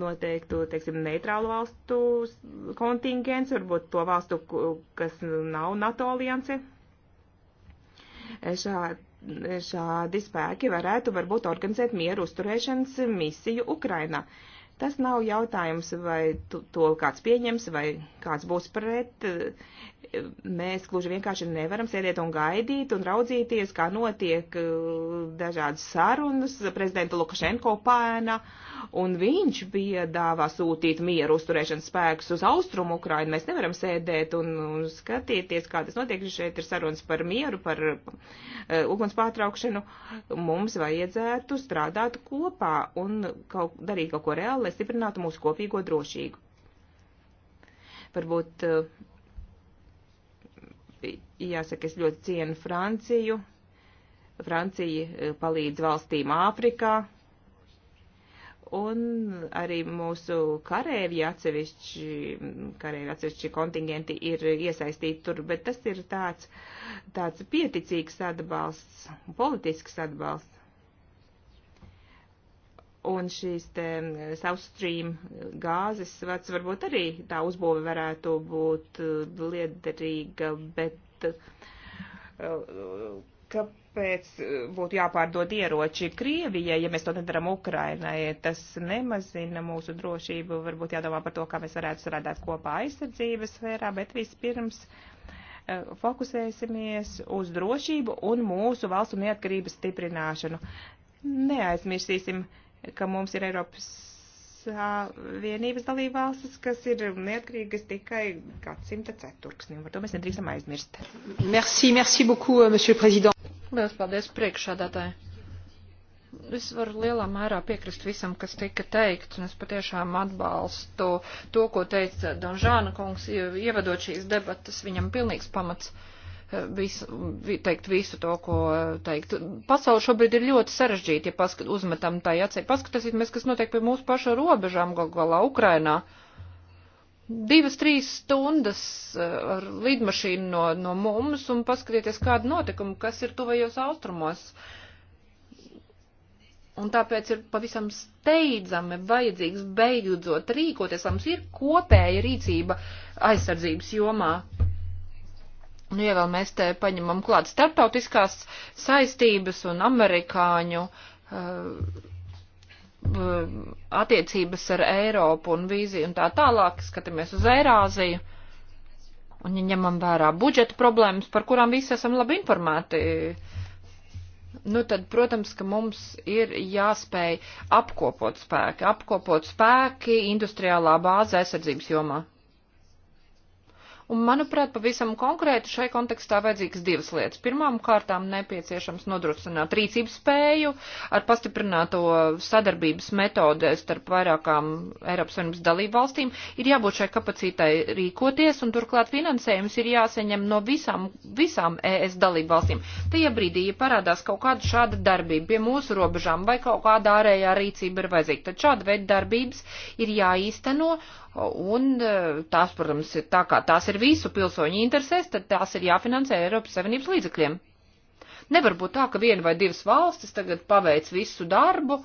noteiktu, teiksim, neitrālu valstu kontingents, varbūt to valstu, kas nav NATO alianse. Šā, šādi spēki varētu varbūt organizēt mieru uzturēšanas misiju Ukrainā. Tas nav jautājums, vai to kāds pieņems, vai kāds būs pret. Mēs gluži vienkārši nevaram sēdēt un gaidīt un raudzīties, kā notiek eh, dažādas sarunas prezidenta Lukašenko pēna, un viņš piedāvā sūtīt mieru uzturēšanas spēkus uz austrumu Ukrainu. Mēs nevaram sēdēt un skatīties, kā tas notiek. Šeit ir sarunas par mieru, par eh, uguns pārtraukšanu. Mums vajadzētu strādāt kopā un kaut, darīt kaut ko reāli, lai stiprinātu mūsu kopīgo drošību. Varbūt eh, jāsaka, es ļoti cienu Franciju. Francija eh, palīdz valstīm Āfrikā. Un arī mūsu karēvi atsevišķi, karēvi atsevišķi kontingenti ir iesaistīti tur, bet tas ir tāds, tāds pieticīgs atbalsts, politisks atbalsts. Un šīs te eh, South Stream gāzes vats varbūt arī tā uzbūve varētu būt eh, liederīga, bet eh, kāpēc būtu jāpārdod ieroči Krievijai, ja mēs to nedaram Ukrainai? Tas nemazina mūsu drošību, varbūt jādomā par to, kā mēs varētu strādāt kopā aizsardzības sfērā, bet vispirms fokusēsimies uz drošību un mūsu valstu neatkarības stiprināšanu. Neaizmirsīsim, uh, ka mums ir Eiropas Savienības dalībvalstis, kas ir neatkarīgas tikai gadsimta ceturksnim. Par to mēs nedrīkstam aizmirst. Merci, merci beaucoup, euh, monsieur prezident. Lielas paldies priekšādātāji. Es varu lielā mērā piekrist visam, kas tika teikts, un es patiešām atbalstu to, ko teica Donžāna kungs, ievadot šīs debatas, viņam pilnīgs pamats. Uh, visu, teikt visu to, ko teikt. Pasauli šobrīd ir ļoti sarežģīti, ja paskat, uzmetam tā jācei. Paskatīsimies, kas notiek pie mūsu paša robežām gal galā Ukrainā. Divas, trīs stundas eh, ar lidmašīnu no, no mums un paskatieties, kāda notikuma, kas ir tuvajos austrumos. Un tāpēc ir pavisam steidzami vajadzīgs beidzot rīkoties, mums ir kopēja rīcība aizsardzības jomā. Nu, ja vēl mēs te paņemam klāt starptautiskās saistības un amerikāņu uh, uh, attiecības ar Eiropu un vīziju un tā tālāk, skatāmies uz Eirāziju un ja ņemam vērā budžeta problēmas, par kurām visi esam labi informēti, nu tad, protams, ka mums ir jāspēj apkopot spēki, apkopot spēki industriālā bāze aizsardzības jomā. Un, manuprāt, pavisam konkrēti šai kontekstā vajadzīgas divas lietas. Pirmām kārtām nepieciešams nodrošināt rīcības spēju ar pastiprināto sadarbības metodi starp vairākām Eiropas Savienības dalību valstīm. Ir jābūt šai kapacitai rīkoties, un turklāt finansējums ir jāsaņem no visām, visām ES dalību valstīm. Tajā brīdī, ja parādās kaut kāda šāda darbība pie mūsu robežām vai kaut kāda ārējā rīcība ir vajadzīga, tad šāda veida darbības ir jāīsteno un eh, tās, protams, ir tā kā tās ir ir visu pilsoņu interesēs, tad tās ir jāfinansē Eiropas Savienības līdzekļiem. Nevar būt tā, ka viena vai divas valstis tagad paveic visu darbu,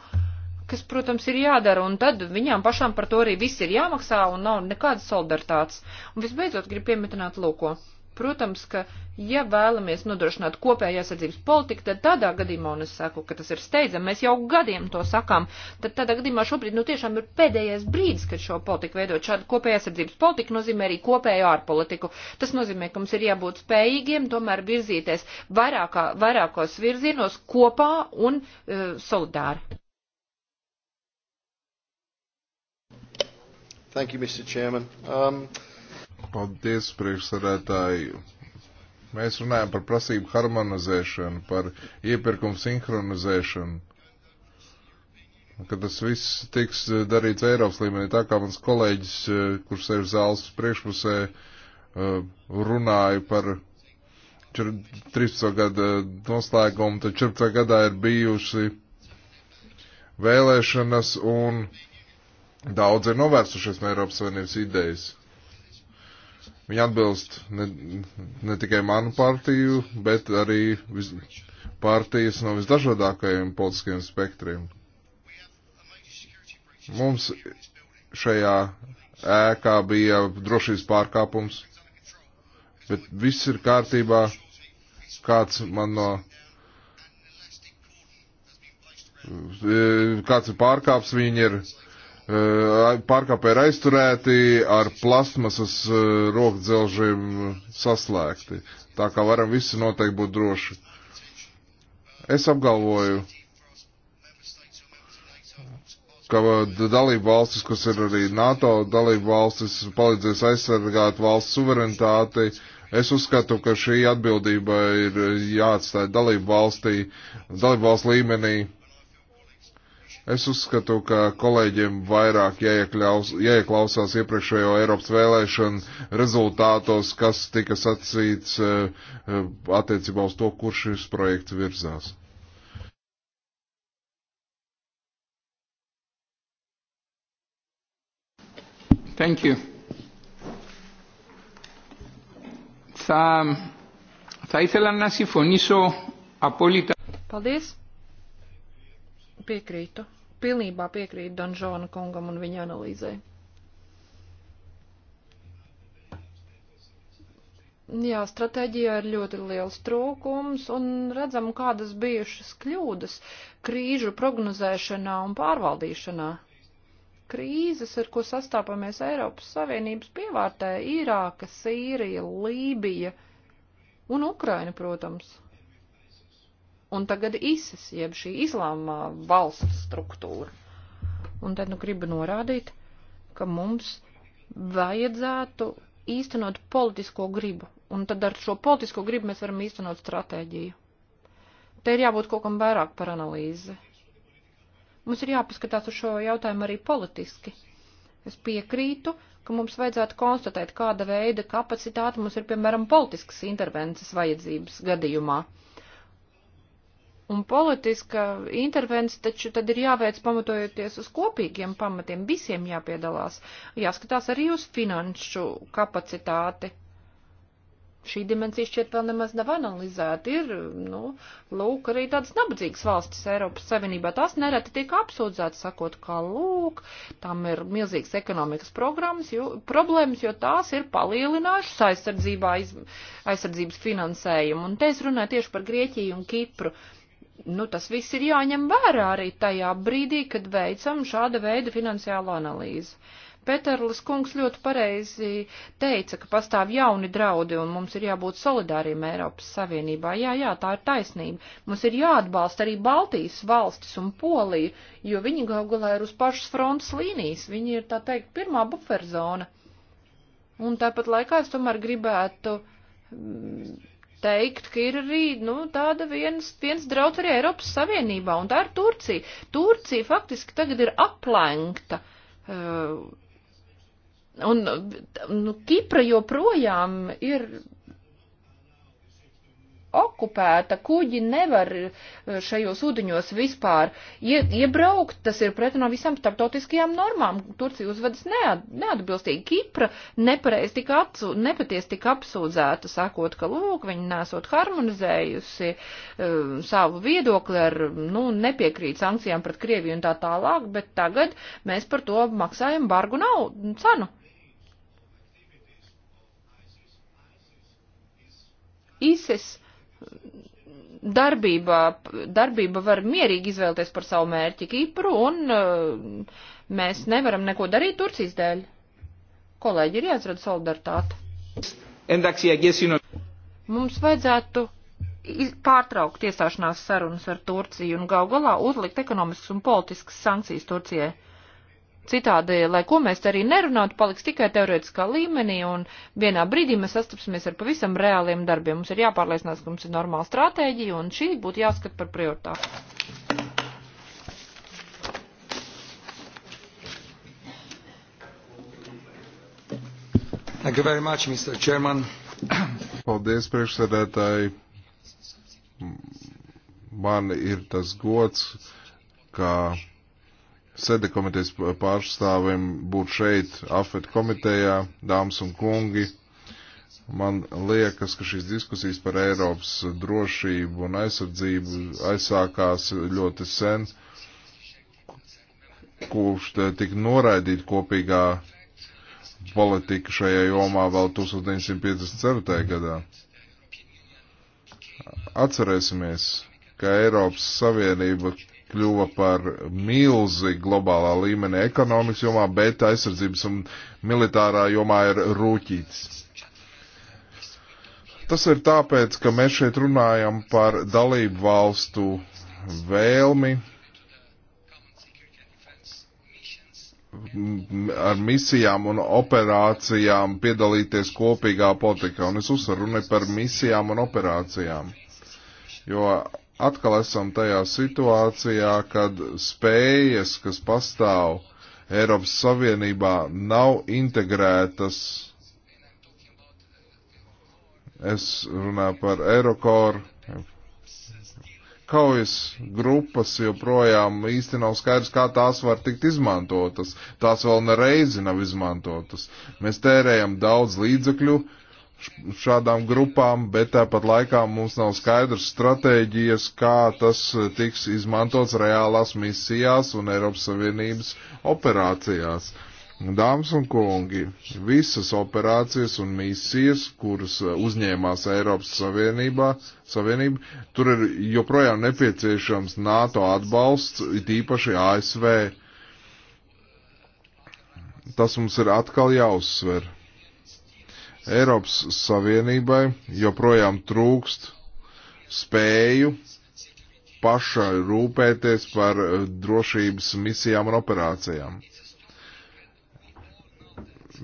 kas, protams, ir jādara, un tad viņām pašām par to arī viss ir jāmaksā, un nav nekādas solidaritātes. Un visbeidzot, gribu piemetināt lūko. Protams, ka, ja vēlamies nodrošināt kopēju aizsardzības politiku, tad tādā gadījumā, un es saku, ka tas ir steidzami, mēs jau gadiem to sakām, tad tādā gadījumā šobrīd, nu, tiešām ir pēdējais brīdis, kad šo politiku veidot. Šāda kopēja aizsardzības politika nozīmē arī kopēju ārpolitiku. Tas nozīmē, ka mums ir jābūt spējīgiem tomēr virzīties vairākā, vairākos virzienos kopā un uh, solidāri. Thank you, Mr. Chairman. Um, Paldies, priekšsarētāji. Mēs runājam par prasību harmonizēšanu, par iepirkumu sinhronizēšanu. Kad tas viss tiks darīts Eiropas līmenī, tā kā mans kolēģis, eh, kurš sēž zāles priekšpusē, eh, runāja par 13. gada noslēgumu, tad 14. gadā ir bijusi vēlēšanas un daudz ir novērsušies no Eiropas Savienības idejas. Viņi atbilst ne, ne tikai manu partiju, bet arī vis, partijas no visdažādākajiem politiskajiem spektriem. Mums šajā ēkā bija drošības pārkāpums, bet viss ir kārtībā. Kāds man no. E, kāds ir pārkāps, viņi ir Eh, pārkāpēji ir aizturēti ar plasmasas eh, rokdzelžiem eh, saslēgti. Tā kā varam visi noteikti būt droši. Es apgalvoju, ka dalību valstis, kas ir arī NATO dalību valstis, palīdzēs aizsargāt valsts suverenitāti. Es uzskatu, ka šī atbildība ir jāatstāja dalību valstī, dalību valsts līmenī Es uzskatu, ka kolēģiem vairāk jāieklaus, jāieklausās iepriekšējo Eiropas vēlēšanu rezultātos, kas tika sacīts e, e, attiecībā uz to, kur šis projekts virzās. Thank you. Θα, θα ήθελα να συμφωνήσω απόλυτα. Paldies. Piekrītu pilnībā piekrītu Danžona kungam un viņa analīzē. Jā, stratēģijā ir ļoti liels trūkums un redzam, kādas bijušas kļūdas krīžu prognozēšanā un pārvaldīšanā. Krīzes, ar ko sastāpamies Eiropas Savienības pievārtē, Irāka, Sīrija, Lībija un Ukraina, protams un tagad ISIS, jeb šī islāma valsts struktūra. Un tad nu gribu norādīt, ka mums vajadzētu īstenot politisko gribu, un tad ar šo politisko gribu mēs varam īstenot stratēģiju. Te ir jābūt kaut kam vairāk par analīzi. Mums ir jāpaskatās uz šo jautājumu arī politiski. Es piekrītu, ka mums vajadzētu konstatēt, kāda veida kapacitāte mums ir, piemēram, politiskas intervences vajadzības gadījumā un politiska intervence taču tad ir jāveic pamatojoties uz kopīgiem pamatiem, visiem jāpiedalās, jāskatās arī uz finanšu kapacitāti. Šī dimensija šķiet vēl nemaz nav analizēta. Ir, nu, lūk, arī tādas nabadzīgas valstis Eiropas Savienībā. Tās nereti tiek apsūdzētas, sakot, kā lūk, tam ir milzīgas ekonomikas programmas, jo, problēmas, jo tās ir palielinājušas aizsardzībā, aiz, aizsardzības finansējumu. Un te es runāju tieši par Grieķiju un Kipru. Uh, nu, tas viss ir jāņem vērā arī tajā brīdī, kad veicam šāda veida finansiālu analīzi. Peterlis kungs ļoti pareizi teica, ka pastāv jauni draudi un mums ir jābūt solidāriem Eiropas Savienībā. Jā, jā, tā ir taisnība. Mums ir jāatbalsta arī Baltijas valstis un Polija, jo viņi gal galā ir uz pašas frontes līnijas. Viņi ir, tā teikt, pirmā buferzona. Un tāpat laikā es tomēr gribētu mm, teikt, ka ir arī, nu, tāda viens, viens draudz arī Eiropas Savienībā, un tā ir Turcija. Turcija faktiski tagad ir aplenkta. Uh, un, nu, Kipra joprojām ir okupēta, kuģi nevar eh, šajos ūdeņos vispār ie, iebraukt, tas ir pretinā visām starptautiskajām normām. Turcija uzvedas neat, neatbilstīgi. Kipra nepareiz tika apsū, nepaties tika apsūdzēta, sakot, ka, lūk, viņi nesot harmonizējusi um, savu viedokli ar, nu, nepiekrīt sankcijām pret Krieviju un tā tālāk, bet tagad mēs par to maksājam bargu naudu, cenu. ISIS darbībā, darbība var mierīgi izvēlēties par savu mērķi Kipru, un eh, mēs nevaram neko darīt Turcijas dēļ. Kolēģi, ir jāatrada solidaritāte. Mums vajadzētu pārtraukt iestāšanās sarunas ar Turciju un gal galā uzlikt ekonomiskas un politiskas sankcijas Turcijai. Citādi, lai ko mēs arī nerunātu, paliks tikai teorētiskā līmenī, un vienā brīdī mēs sastapsimies ar pavisam reāliem darbiem. Mums ir jāpārliecinās, ka mums ir normāla stratēģija, un šī būtu jāskat par prioritāti. Thank you very much, Mr. Chairman. Paldies, priekšsēdētāji. Man ir tas gods, ka. Kā sēde komitejas pārstāvim būt šeit, AFET komitejā, dāmas un kungi. Man liekas, ka šīs diskusijas par Eiropas drošību un aizsardzību aizsākās ļoti sen, kurš tika noraidīta kopīgā politika šajā jomā vēl 1957. gadā. Atcerēsimies, ka Eiropas Savienība kļuva par milzi globālā līmenī ekonomikas jomā, bet aizsardzības un militārā jomā ir rūķīts. Tas ir tāpēc, ka mēs šeit runājam par dalību valstu vēlmi ar misijām un operācijām piedalīties kopīgā politikā. Un es uzsveru ne par misijām un operācijām, jo atkal esam tajā situācijā, kad spējas, kas pastāv Eiropas Savienībā, nav integrētas. Es runāju par Eirokoru. Kaujas grupas joprojām īsti nav skaidrs, kā tās var tikt izmantotas. Tās vēl nereizi nav izmantotas. Mēs tērējam daudz līdzekļu, uh, šādām grupām, bet tāpat laikā mums nav skaidrs stratēģijas, kā tas tiks izmantots reālās misijās un Eiropas Savienības operācijās. Dāmas un kungi, visas operācijas un misijas, kuras uzņēmās Eiropas Savienībā, Savienība, tur ir joprojām nepieciešams NATO atbalsts, it īpaši ASV. Tas mums ir atkal jāuzsver Eiropas Savienībai joprojām trūkst spēju pašai rūpēties par eh, drošības misijām un operācijām.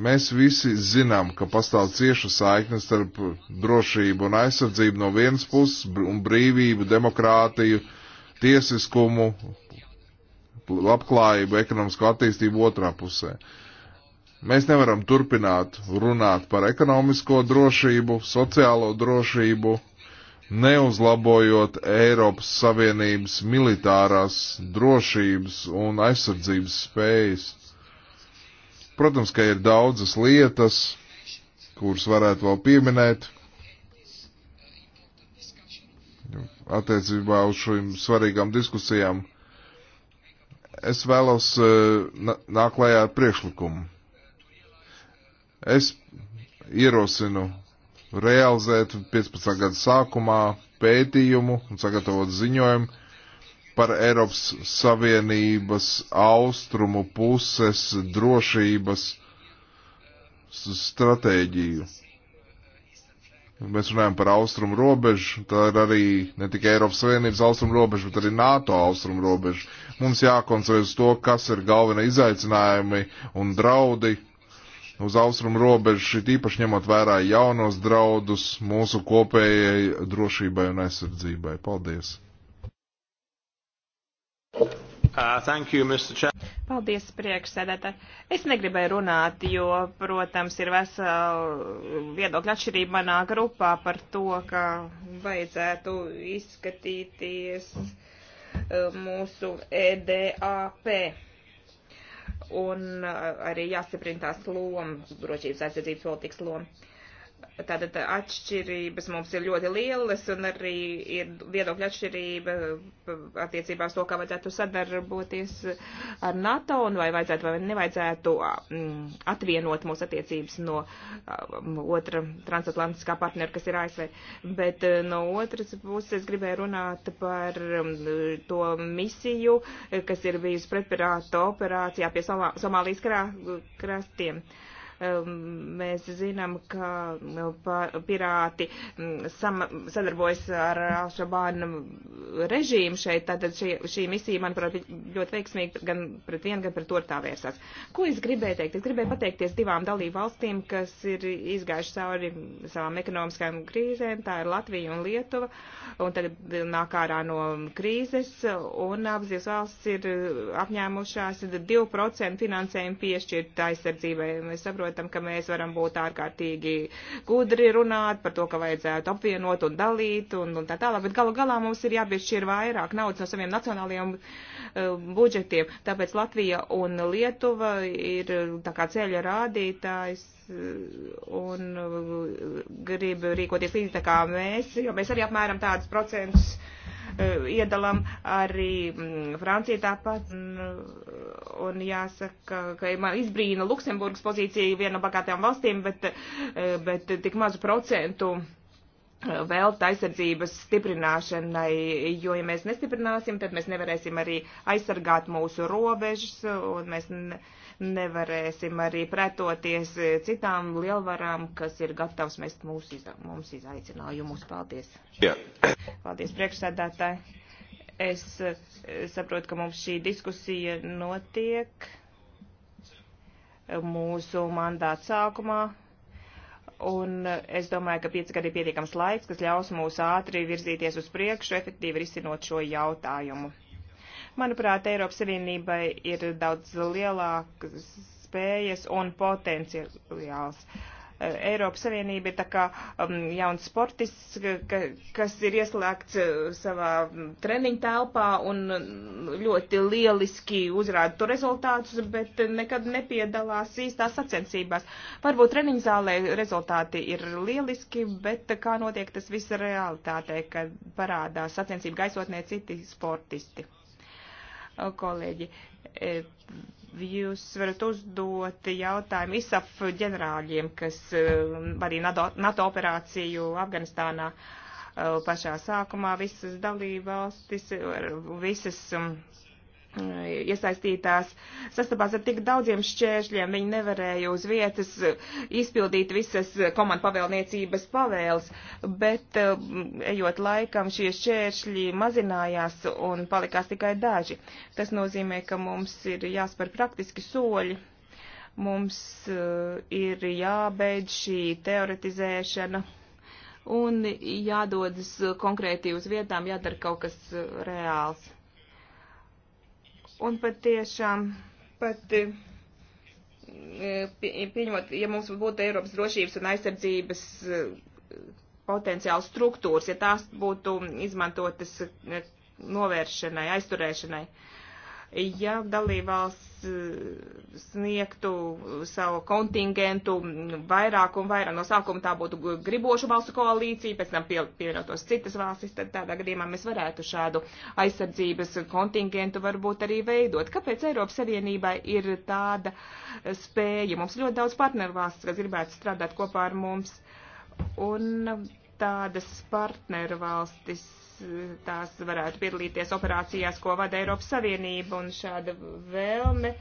Mēs visi zinām, ka pastāv cieša saikne starp drošību un aizsardzību no vienas puses un brīvību, demokrātiju, tiesiskumu, labklājību, ekonomisko attīstību otrā pusē. Uh, Mēs nevaram turpināt runāt par ekonomisko drošību, sociālo drošību, neuzlabojot Eiropas Savienības militārās drošības un aizsardzības spējas. Protams, ka ir daudzas lietas, kuras varētu vēl pieminēt attiecībā uz šīm svarīgām diskusijām. Es vēlos eh, nāklājā ar priekšlikumu Es ierosinu realizēt 15. gada sākumā pētījumu un sagatavot ziņojumu par Eiropas Savienības austrumu puses drošības stratēģiju. Mēs runājam par austrumu robežu, tā ir arī ne tikai Eiropas Savienības austrumu robeža, bet arī NATO austrumu robeža. Mums jākoncentrējas to, kas ir galvenie izaicinājumi un draudi, uz austrumu robežu, šit īpaši ņemot vērā jaunos draudus mūsu kopējai drošībai un aizsardzībai. Paldies! Uh, thank you, Mr. Chair. Paldies, priekšsēdētāji. Es negribēju runāt, jo, protams, ir vesela viedokļa atšķirība manā grupā par to, ka vajadzētu izskatīties uh, mūsu EDAP un uh, arī jāstiprina tās loma, drošības aizsardzības politikas loma. Tātad atšķirības mums ir ļoti lielas un arī ir viedokļa atšķirība attiecībā uz to, kā vajadzētu sadarboties ar NATO un vai vajadzētu vai nevajadzētu atvienot mūsu attiecības no otra transatlantiskā partnera, kas ir ASV. Bet e, no otras puses gribēju runāt par to misiju, kas ir bijusi pretpirāta operācijā pie Somā Somālijas krā krastiem. Krā Mēs zinām, ka pirāti sadarbojas ar Alšabānu režīmu šeit, tātad šī, šī misija, manuprāt, ļoti veiksmīgi gan pret vienu, gan pret otru vērsās. Ko es gribēju teikt? Es gribēju pateikties divām dalību valstīm, kas ir izgājuši cauri savām ekonomiskajām krīzēm, tā ir Latvija un Lietuva, un tagad nāk ārā no krīzes, un abas valsts ir apņēmušās 2% finansējumu piešķirt aizsardzībai. Es saprotu, saprotam, ka mēs varam būt ārkārtīgi gudri runāt par to, ka vajadzētu apvienot un dalīt un, un tā tālāk, bet galu galā mums ir jāpiešķir vairāk naudas no saviem nacionālajiem uh, budžetiem. Tāpēc Latvija un Lietuva ir um, tā kā ceļa rādītājs uh, un um, grib rīkoties līdzīgi tā kā mēs, jo mēs arī apmēram tādus procentus Eh, iedalam arī mm, Francija tāpat. Un eh, jāsaka, ka man izbrīna Luksemburgas pozīcija viena no bagātajām valstīm, bet, eh, bet tik mazu procentu velta aizsardzības stiprināšanai, jo, ja mēs nestiprināsim, tad mēs nevarēsim arī aizsargāt mūsu robežas, un mēs ne, nevarēsim arī pretoties citām lielvarām, kas ir gatavs mest mūs iza, mums izaicinājumus. Paldies! Jā. Paldies, priekšsēdētāji! Es eh, saprotu, ka mums šī diskusija notiek mūsu mandāta sākumā. Un eh, es domāju, ka pieci gadi ir pietiekams laiks, kas ļaus mūs ātri virzīties uz priekšu, efektīvi risinot šo jautājumu. Manuprāt, Eiropas Savienībai ir daudz lielākas spējas un potenciāls. Eiropas Savienība ir tā kā um, jauns sportists, ka, kas ir ieslēgts uh, savā treniņu telpā un mm, ļoti lieliski uzrāda to rezultātus, bet nekad nepiedalās īstās sacensībās. Varbūt treniņu zālē rezultāti ir lieliski, bet kā notiek tas viss realitātē, kad parādās sacensību gaisotnē citi sportisti kolēģi. E, jūs varat uzdot jautājumu ISAF ģenerāļiem, kas e, arī NATO, NATO operāciju Afganistānā e, pašā sākumā visas dalībvalstis, visas Eh, iesaistītās sastapās ar tik daudziem šķēršļiem, viņi nevarēja uz vietas izpildīt visas komandu pavēlniecības pavēles, bet eh, ejot laikam šie šķēršļi mazinājās un palikās tikai daži. Tas nozīmē, ka mums ir jāspēr praktiski soļi. Mums eh, ir jābeidz šī teoretizēšana un jādodas konkrēti uz vietām, jādara kaut kas reāls Un patiešām pat e, pieņemot, ja mums būtu Eiropas drošības un aizsardzības e, potenciāls struktūras, ja tās būtu izmantotas e, novēršanai, aizturēšanai, ja dalībvalsts sniegtu savu kontingentu vairāk un vairāk. No sākuma tā būtu gribošu valstu koalīcija, pēc tam pievienotos citas valstis, tad tādā gadījumā mēs varētu šādu aizsardzības kontingentu varbūt arī veidot. Kāpēc Eiropas Savienībai ir tāda spēja? Mums ļoti daudz partneru valsts, kas gribētu strādāt kopā ar mums. Un tādas partneru valstis tās varētu piedalīties operācijās, ko vada Eiropas Savienība, un šāda vēlme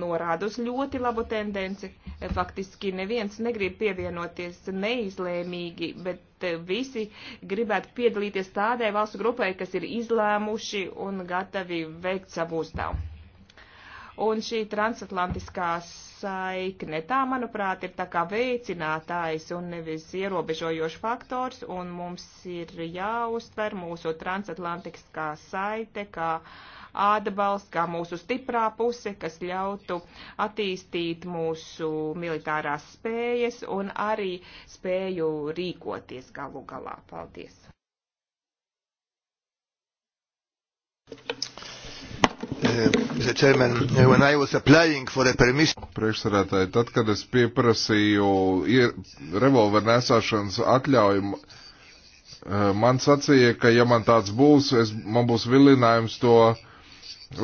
norāda uz ļoti labu tendenci. Faktiski neviens negrib pievienoties neizlēmīgi, bet visi gribētu piedalīties tādai valstu grupai, kas ir izlēmuši un gatavi veikt savu uzdevumu. Un šī transatlantiskās saikne. Tā, manuprāt, ir tā kā veicinātājs un nevis ierobežojošs faktors, un mums ir jāuztver mūsu transatlantiskā saite kā ādabals, kā mūsu stiprā puse, kas ļautu attīstīt mūsu militārās spējas un arī spēju rīkoties galu galā. Paldies! Thank you. Uh, uh, Priekšsarētāji, tad, kad es pieprasīju revolveru nesāšanas atļauju, uh, man sacīja, ka ja man tāds būs, es, man būs vilinājums to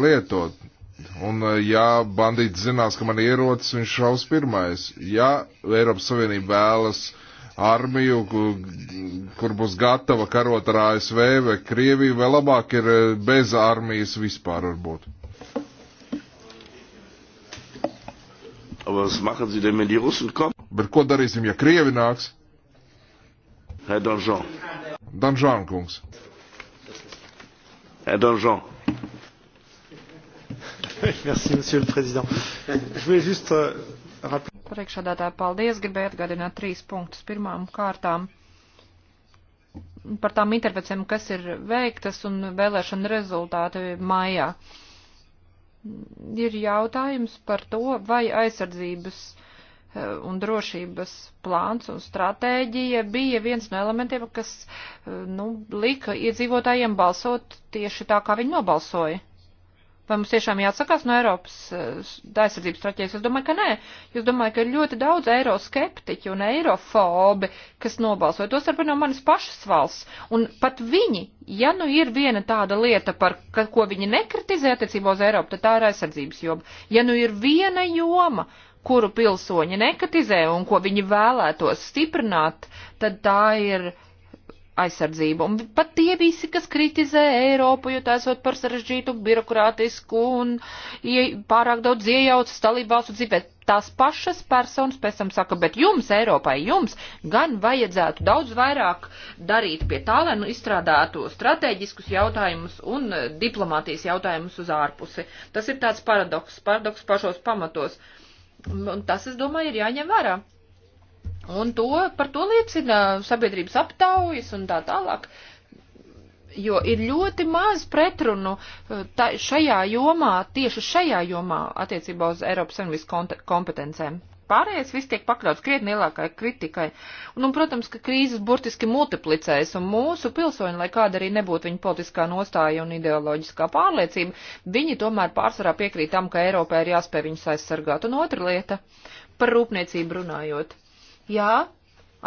lietot. Un ja bandīts zinās, ka man ir ierocis, viņš šaus pirmais. Ja Eiropas Savienība vēlas armiju, kur būs gatava karot ar ASV vai Krieviju, vai labāk ir bez armijas vispār varbūt. Was machen Sie denn, wenn die Russen kommen? Bet ko darīsim, ja Krievi nāks? Herr Danžon. Danžon, kungs. Herr Danžon. Merci, monsieur le président. Je voulais juste euh, rappeler. Priekšādātāji, paldies, gribēju atgādināt trīs punktus. Pirmām kārtām par tām intervencijām, kas ir veiktas un vēlēšana rezultāti maijā. Uh, ir jautājums par to, vai aizsardzības eh, un drošības plāns un stratēģija bija viens no elementiem, kas eh, nu, lika iedzīvotājiem balsot tieši tā, kā viņi nobalsoja. Vai mums tiešām jāatsakās no Eiropas eh, aizsardzības strateģijas? Es domāju, ka nē. Es domāju, ka ir ļoti daudz eiroskeptiķu un eirofobi, kas nobalsoja. Tos ar no manis pašas valsts. Un pat viņi, ja nu ir viena tāda lieta, par ka, ko viņi nekritizē attiecībā uz Eiropu, tad tā ir aizsardzības joma. Ja nu ir viena joma, kuru pilsoņi nekritizē un ko viņi vēlētos stiprināt, tad tā ir aizsardzību. Un pat tie visi, kas kritizē Eiropu, jo tā esot par sarežģītu, birokrātisku un pārāk daudz iejaucas dalību valstu dzīvē, tās pašas personas pēc tam saka, bet jums, Eiropai, jums gan vajadzētu daudz vairāk darīt pie tā, lai nu izstrādātu strateģiskus jautājumus un eh, diplomātijas jautājumus uz ārpusi. Tas ir tāds paradoks, paradoks pašos pamatos. Un tas, es domāju, ir jāņem vērā. Un to, par to liecina sabiedrības aptaujas un tā tālāk. Jo ir ļoti maz pretrunu eh, tā, šajā jomā, tieši šajā jomā attiecībā uz Eiropas Savienības kompetencēm. Pārējais viss tiek pakļauts krietni lielākai kritikai. Un, un, protams, ka krīzes burtiski multiplicēs, un mūsu pilsoņi, lai kāda arī nebūtu viņa politiskā nostāja un ideoloģiskā pārliecība, viņi tomēr pārsvarā piekrīt tam, ka Eiropā ir jāspēj viņus aizsargāt. Un otra lieta - par rūpniecību runājot Jā,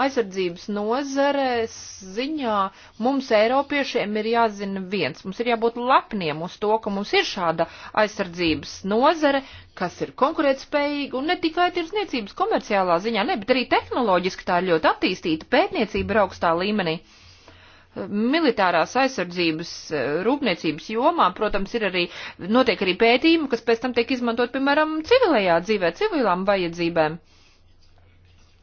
aizsardzības nozarēs ziņā mums Eiropiešiem ir jāzina viens. Mums ir jābūt lepniem uz to, ka mums ir šāda aizsardzības nozare, kas ir konkurētspējīga un ne tikai tirsniecības komerciālā ziņā, ne, bet arī tehnoloģiski tā ir ļoti attīstīta, pētniecība ir augstā līmenī. Militārās aizsardzības eh, rūpniecības jomā, protams, ir arī, notiek arī pētījumi, kas pēc tam tiek izmantot, piemēram, civilajā dzīvē, civilām vajadzībēm.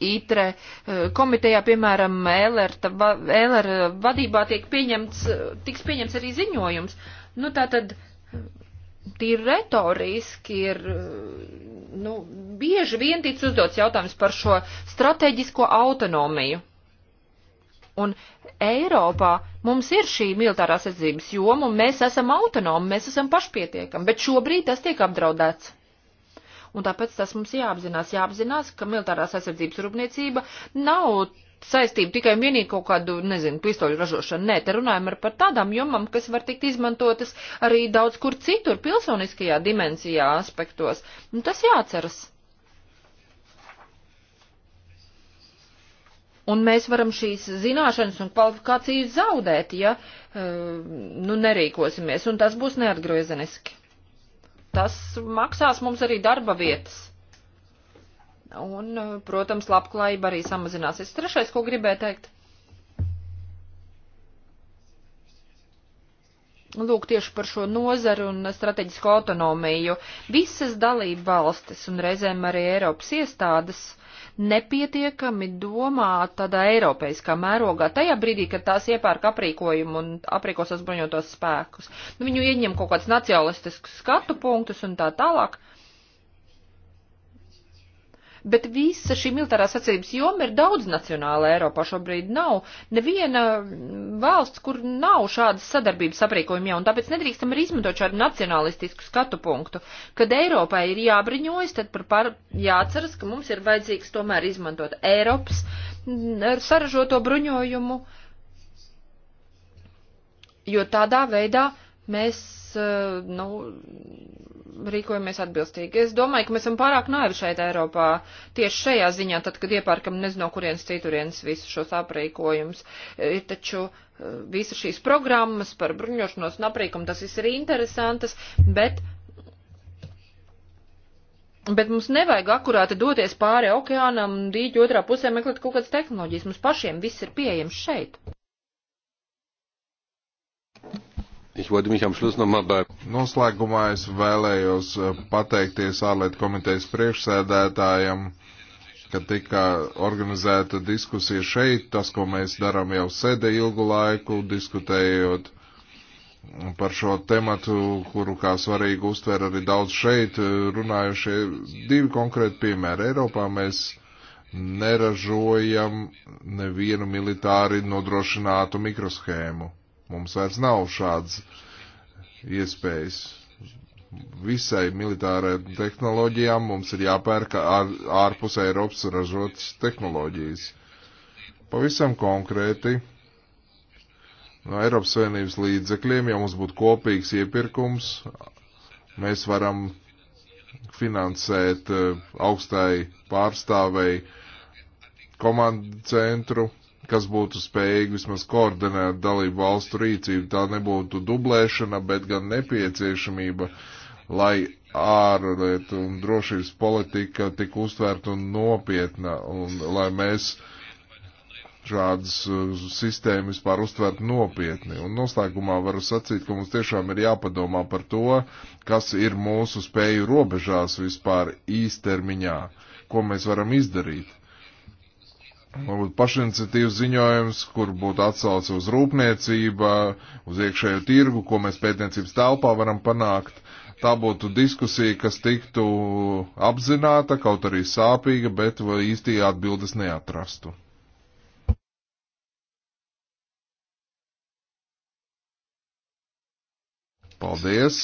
ITRE eh, komitejā, piemēram, Ēlera Ēler vadībā tiek pieņemts, tiks pieņemts arī ziņojums. Nu, tā tad eh, tīri retoriski ir, eh, nu, bieži vien tic uzdots jautājums par šo strateģisko autonomiju. Un Eiropā mums ir šī militārās aizdzības joma, un mēs esam autonomi, mēs esam pašpietiekami, bet šobrīd tas tiek apdraudēts un tāpēc tas mums jāapzinās. Jāapzinās, ka militārās aizsardzības rūpniecība nav saistību tikai un vienīgi kaut kādu, nezinu, pistoļu ražošanu. Nē, te runājam ar par tādām jomām, kas var tikt izmantotas arī daudz kur citur pilsoniskajā dimensijā aspektos. Un tas jāatceras. Un mēs varam šīs zināšanas un kvalifikācijas zaudēt, ja eh, nu nerīkosimies, un tas būs neatgriezeniski tas maksās mums arī darba vietas. Un, eh, protams, labklājība arī samazināsies. Trešais, ko gribēju teikt. Lūk, tieši par šo nozaru un strateģisko autonomiju. Visas dalība valstis un reizēm arī Eiropas iestādes nepietiekami domā tādā eiropeiskā mērogā, tajā brīdī, kad tās iepērk aprīkojumu un aprīkos uzbruņotos spēkus. Nu, viņu ieņem kaut kāds nacionalistisks skatu punktus un tā tālāk bet visa šī militārā sacības joma ir daudz nacionāla Eiropā šobrīd nav. Neviena valsts, kur nav šādas sadarbības aprīkojumi jau, un tāpēc nedrīkstam arī izmantot šādu nacionalistisku skatu punktu. Kad Eiropai ir jābriņojas, tad par, par jāatceras, ka mums ir vajadzīgs tomēr izmantot Eiropas mm, saražoto bruņojumu, jo tādā veidā mēs eh, nu, rīkojamies atbilstīgi. Es domāju, ka mēs esam pārāk naivi šeit Eiropā tieši šajā ziņā, tad, kad iepērkam nezinu, kurienes citurienes visus šos aprīkojumus. Eh, ir taču eh, visas šīs programmas par bruņošanos un aprīkumu, tas viss ir interesantas, bet. Bet mums nevajag akurāti doties pāri okeānam, dīķi otrā pusē meklēt kaut kādas tehnoloģijas. Mums pašiem viss ir pieejams šeit. Noslēgumā es vēlējos eh, pateikties ārlietu komitejas priekšsēdētājam, ka tika organizēta diskusija šeit, tas, ko mēs darām jau sēdē ilgu laiku, diskutējot par šo tematu, kuru kā svarīgu uztver arī daudz šeit eh, runājušie. Divi konkrēti piemēri. Eiropā mēs neražojam nevienu militāri nodrošinātu mikroshēmu Mums vairs nav šādas iespējas. Visai militārai tehnoloģijām mums ir jāpērk ārpus Eiropas ražotas tehnoloģijas. Pavisam konkrēti, no Eiropas Savienības līdzekļiem, ja mums būtu kopīgs iepirkums, mēs varam finansēt eh, augstai pārstāvei komandu centru kas būtu spējīgi vismaz koordinēt dalību valstu rīcību. Tā nebūtu dublēšana, bet gan nepieciešamība, lai ārlietu un drošības politika tik uztvērta un nopietna, un lai mēs šādas uh, sistēmas vispār uztvert nopietni. Un noslēgumā varu sacīt, ka mums tiešām ir jāpadomā par to, kas ir mūsu spēju robežās vispār īstermiņā, ko mēs varam izdarīt varbūt pašiniciatīvas ziņojums, kur būtu atsauce uz rūpniecību, uz iekšējo tirgu, ko mēs pētniecības telpā varam panākt. Tā būtu diskusija, kas tiktu apzināta, kaut arī sāpīga, bet īstī atbildes neatrastu. Paldies!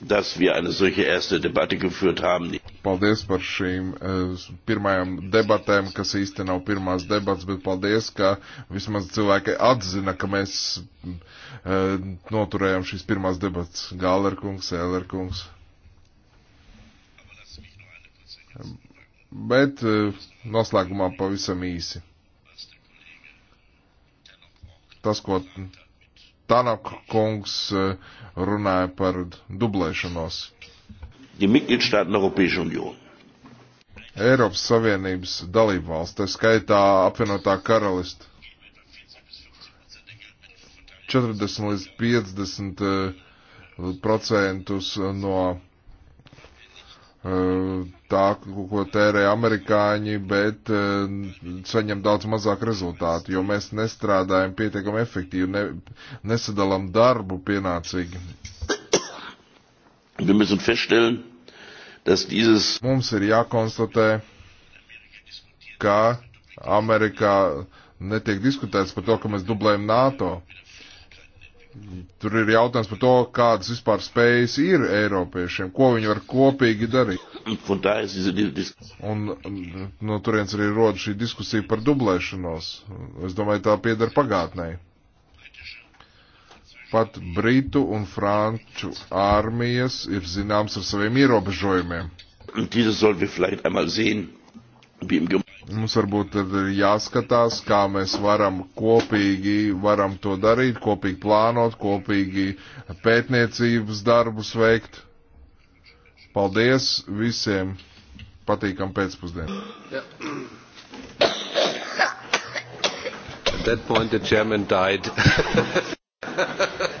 dass wir eine solche erste Debatte geführt haben. Paldies par šīm eh, pirmajām debatēm, kas īsti nav pirmās debats, bet paldies, ka vismaz cilvēki atzina, ka mēs eh, noturējām šīs pirmās debats. Gālerkungs, Ēlerkungs. Bet eh, noslēgumā pavisam īsi. Tas, ko Tanok kungs eh, runāja par dublēšanos. Die Mitgliedstaaten der Europäischen Union. Eiropas Savienības dalību valsts, tā skaitā apvienotā karalista. 40 līdz 50 eh, procentus no Eh, tā, ko tērē amerikāņi, bet eh, saņem daudz mazāk rezultātu, jo mēs nestrādājam pietiekami efektīvi, ne, nesadalām darbu pienācīgi. Mums ir jākonstatē, ka Amerikā netiek diskutēts par to, ka mēs dublējam NATO. Tur ir jautājums par to, kādas vispār spējas ir Eiropiešiem, ko viņi var kopīgi darīt. Un no turienes arī rod šī diskusija par dublēšanos. Es domāju, tā pieder pagātnē. Pat Britu un Franču armijas ir zināms ar saviem ierobežojumiem. Mums varbūt ir jāskatās, kā mēs varam kopīgi varam to darīt, kopīgi plānot, kopīgi pētniecības darbus veikt. Paldies visiem! Patīkam pēcpusdienu! Yeah. At that point the chairman died.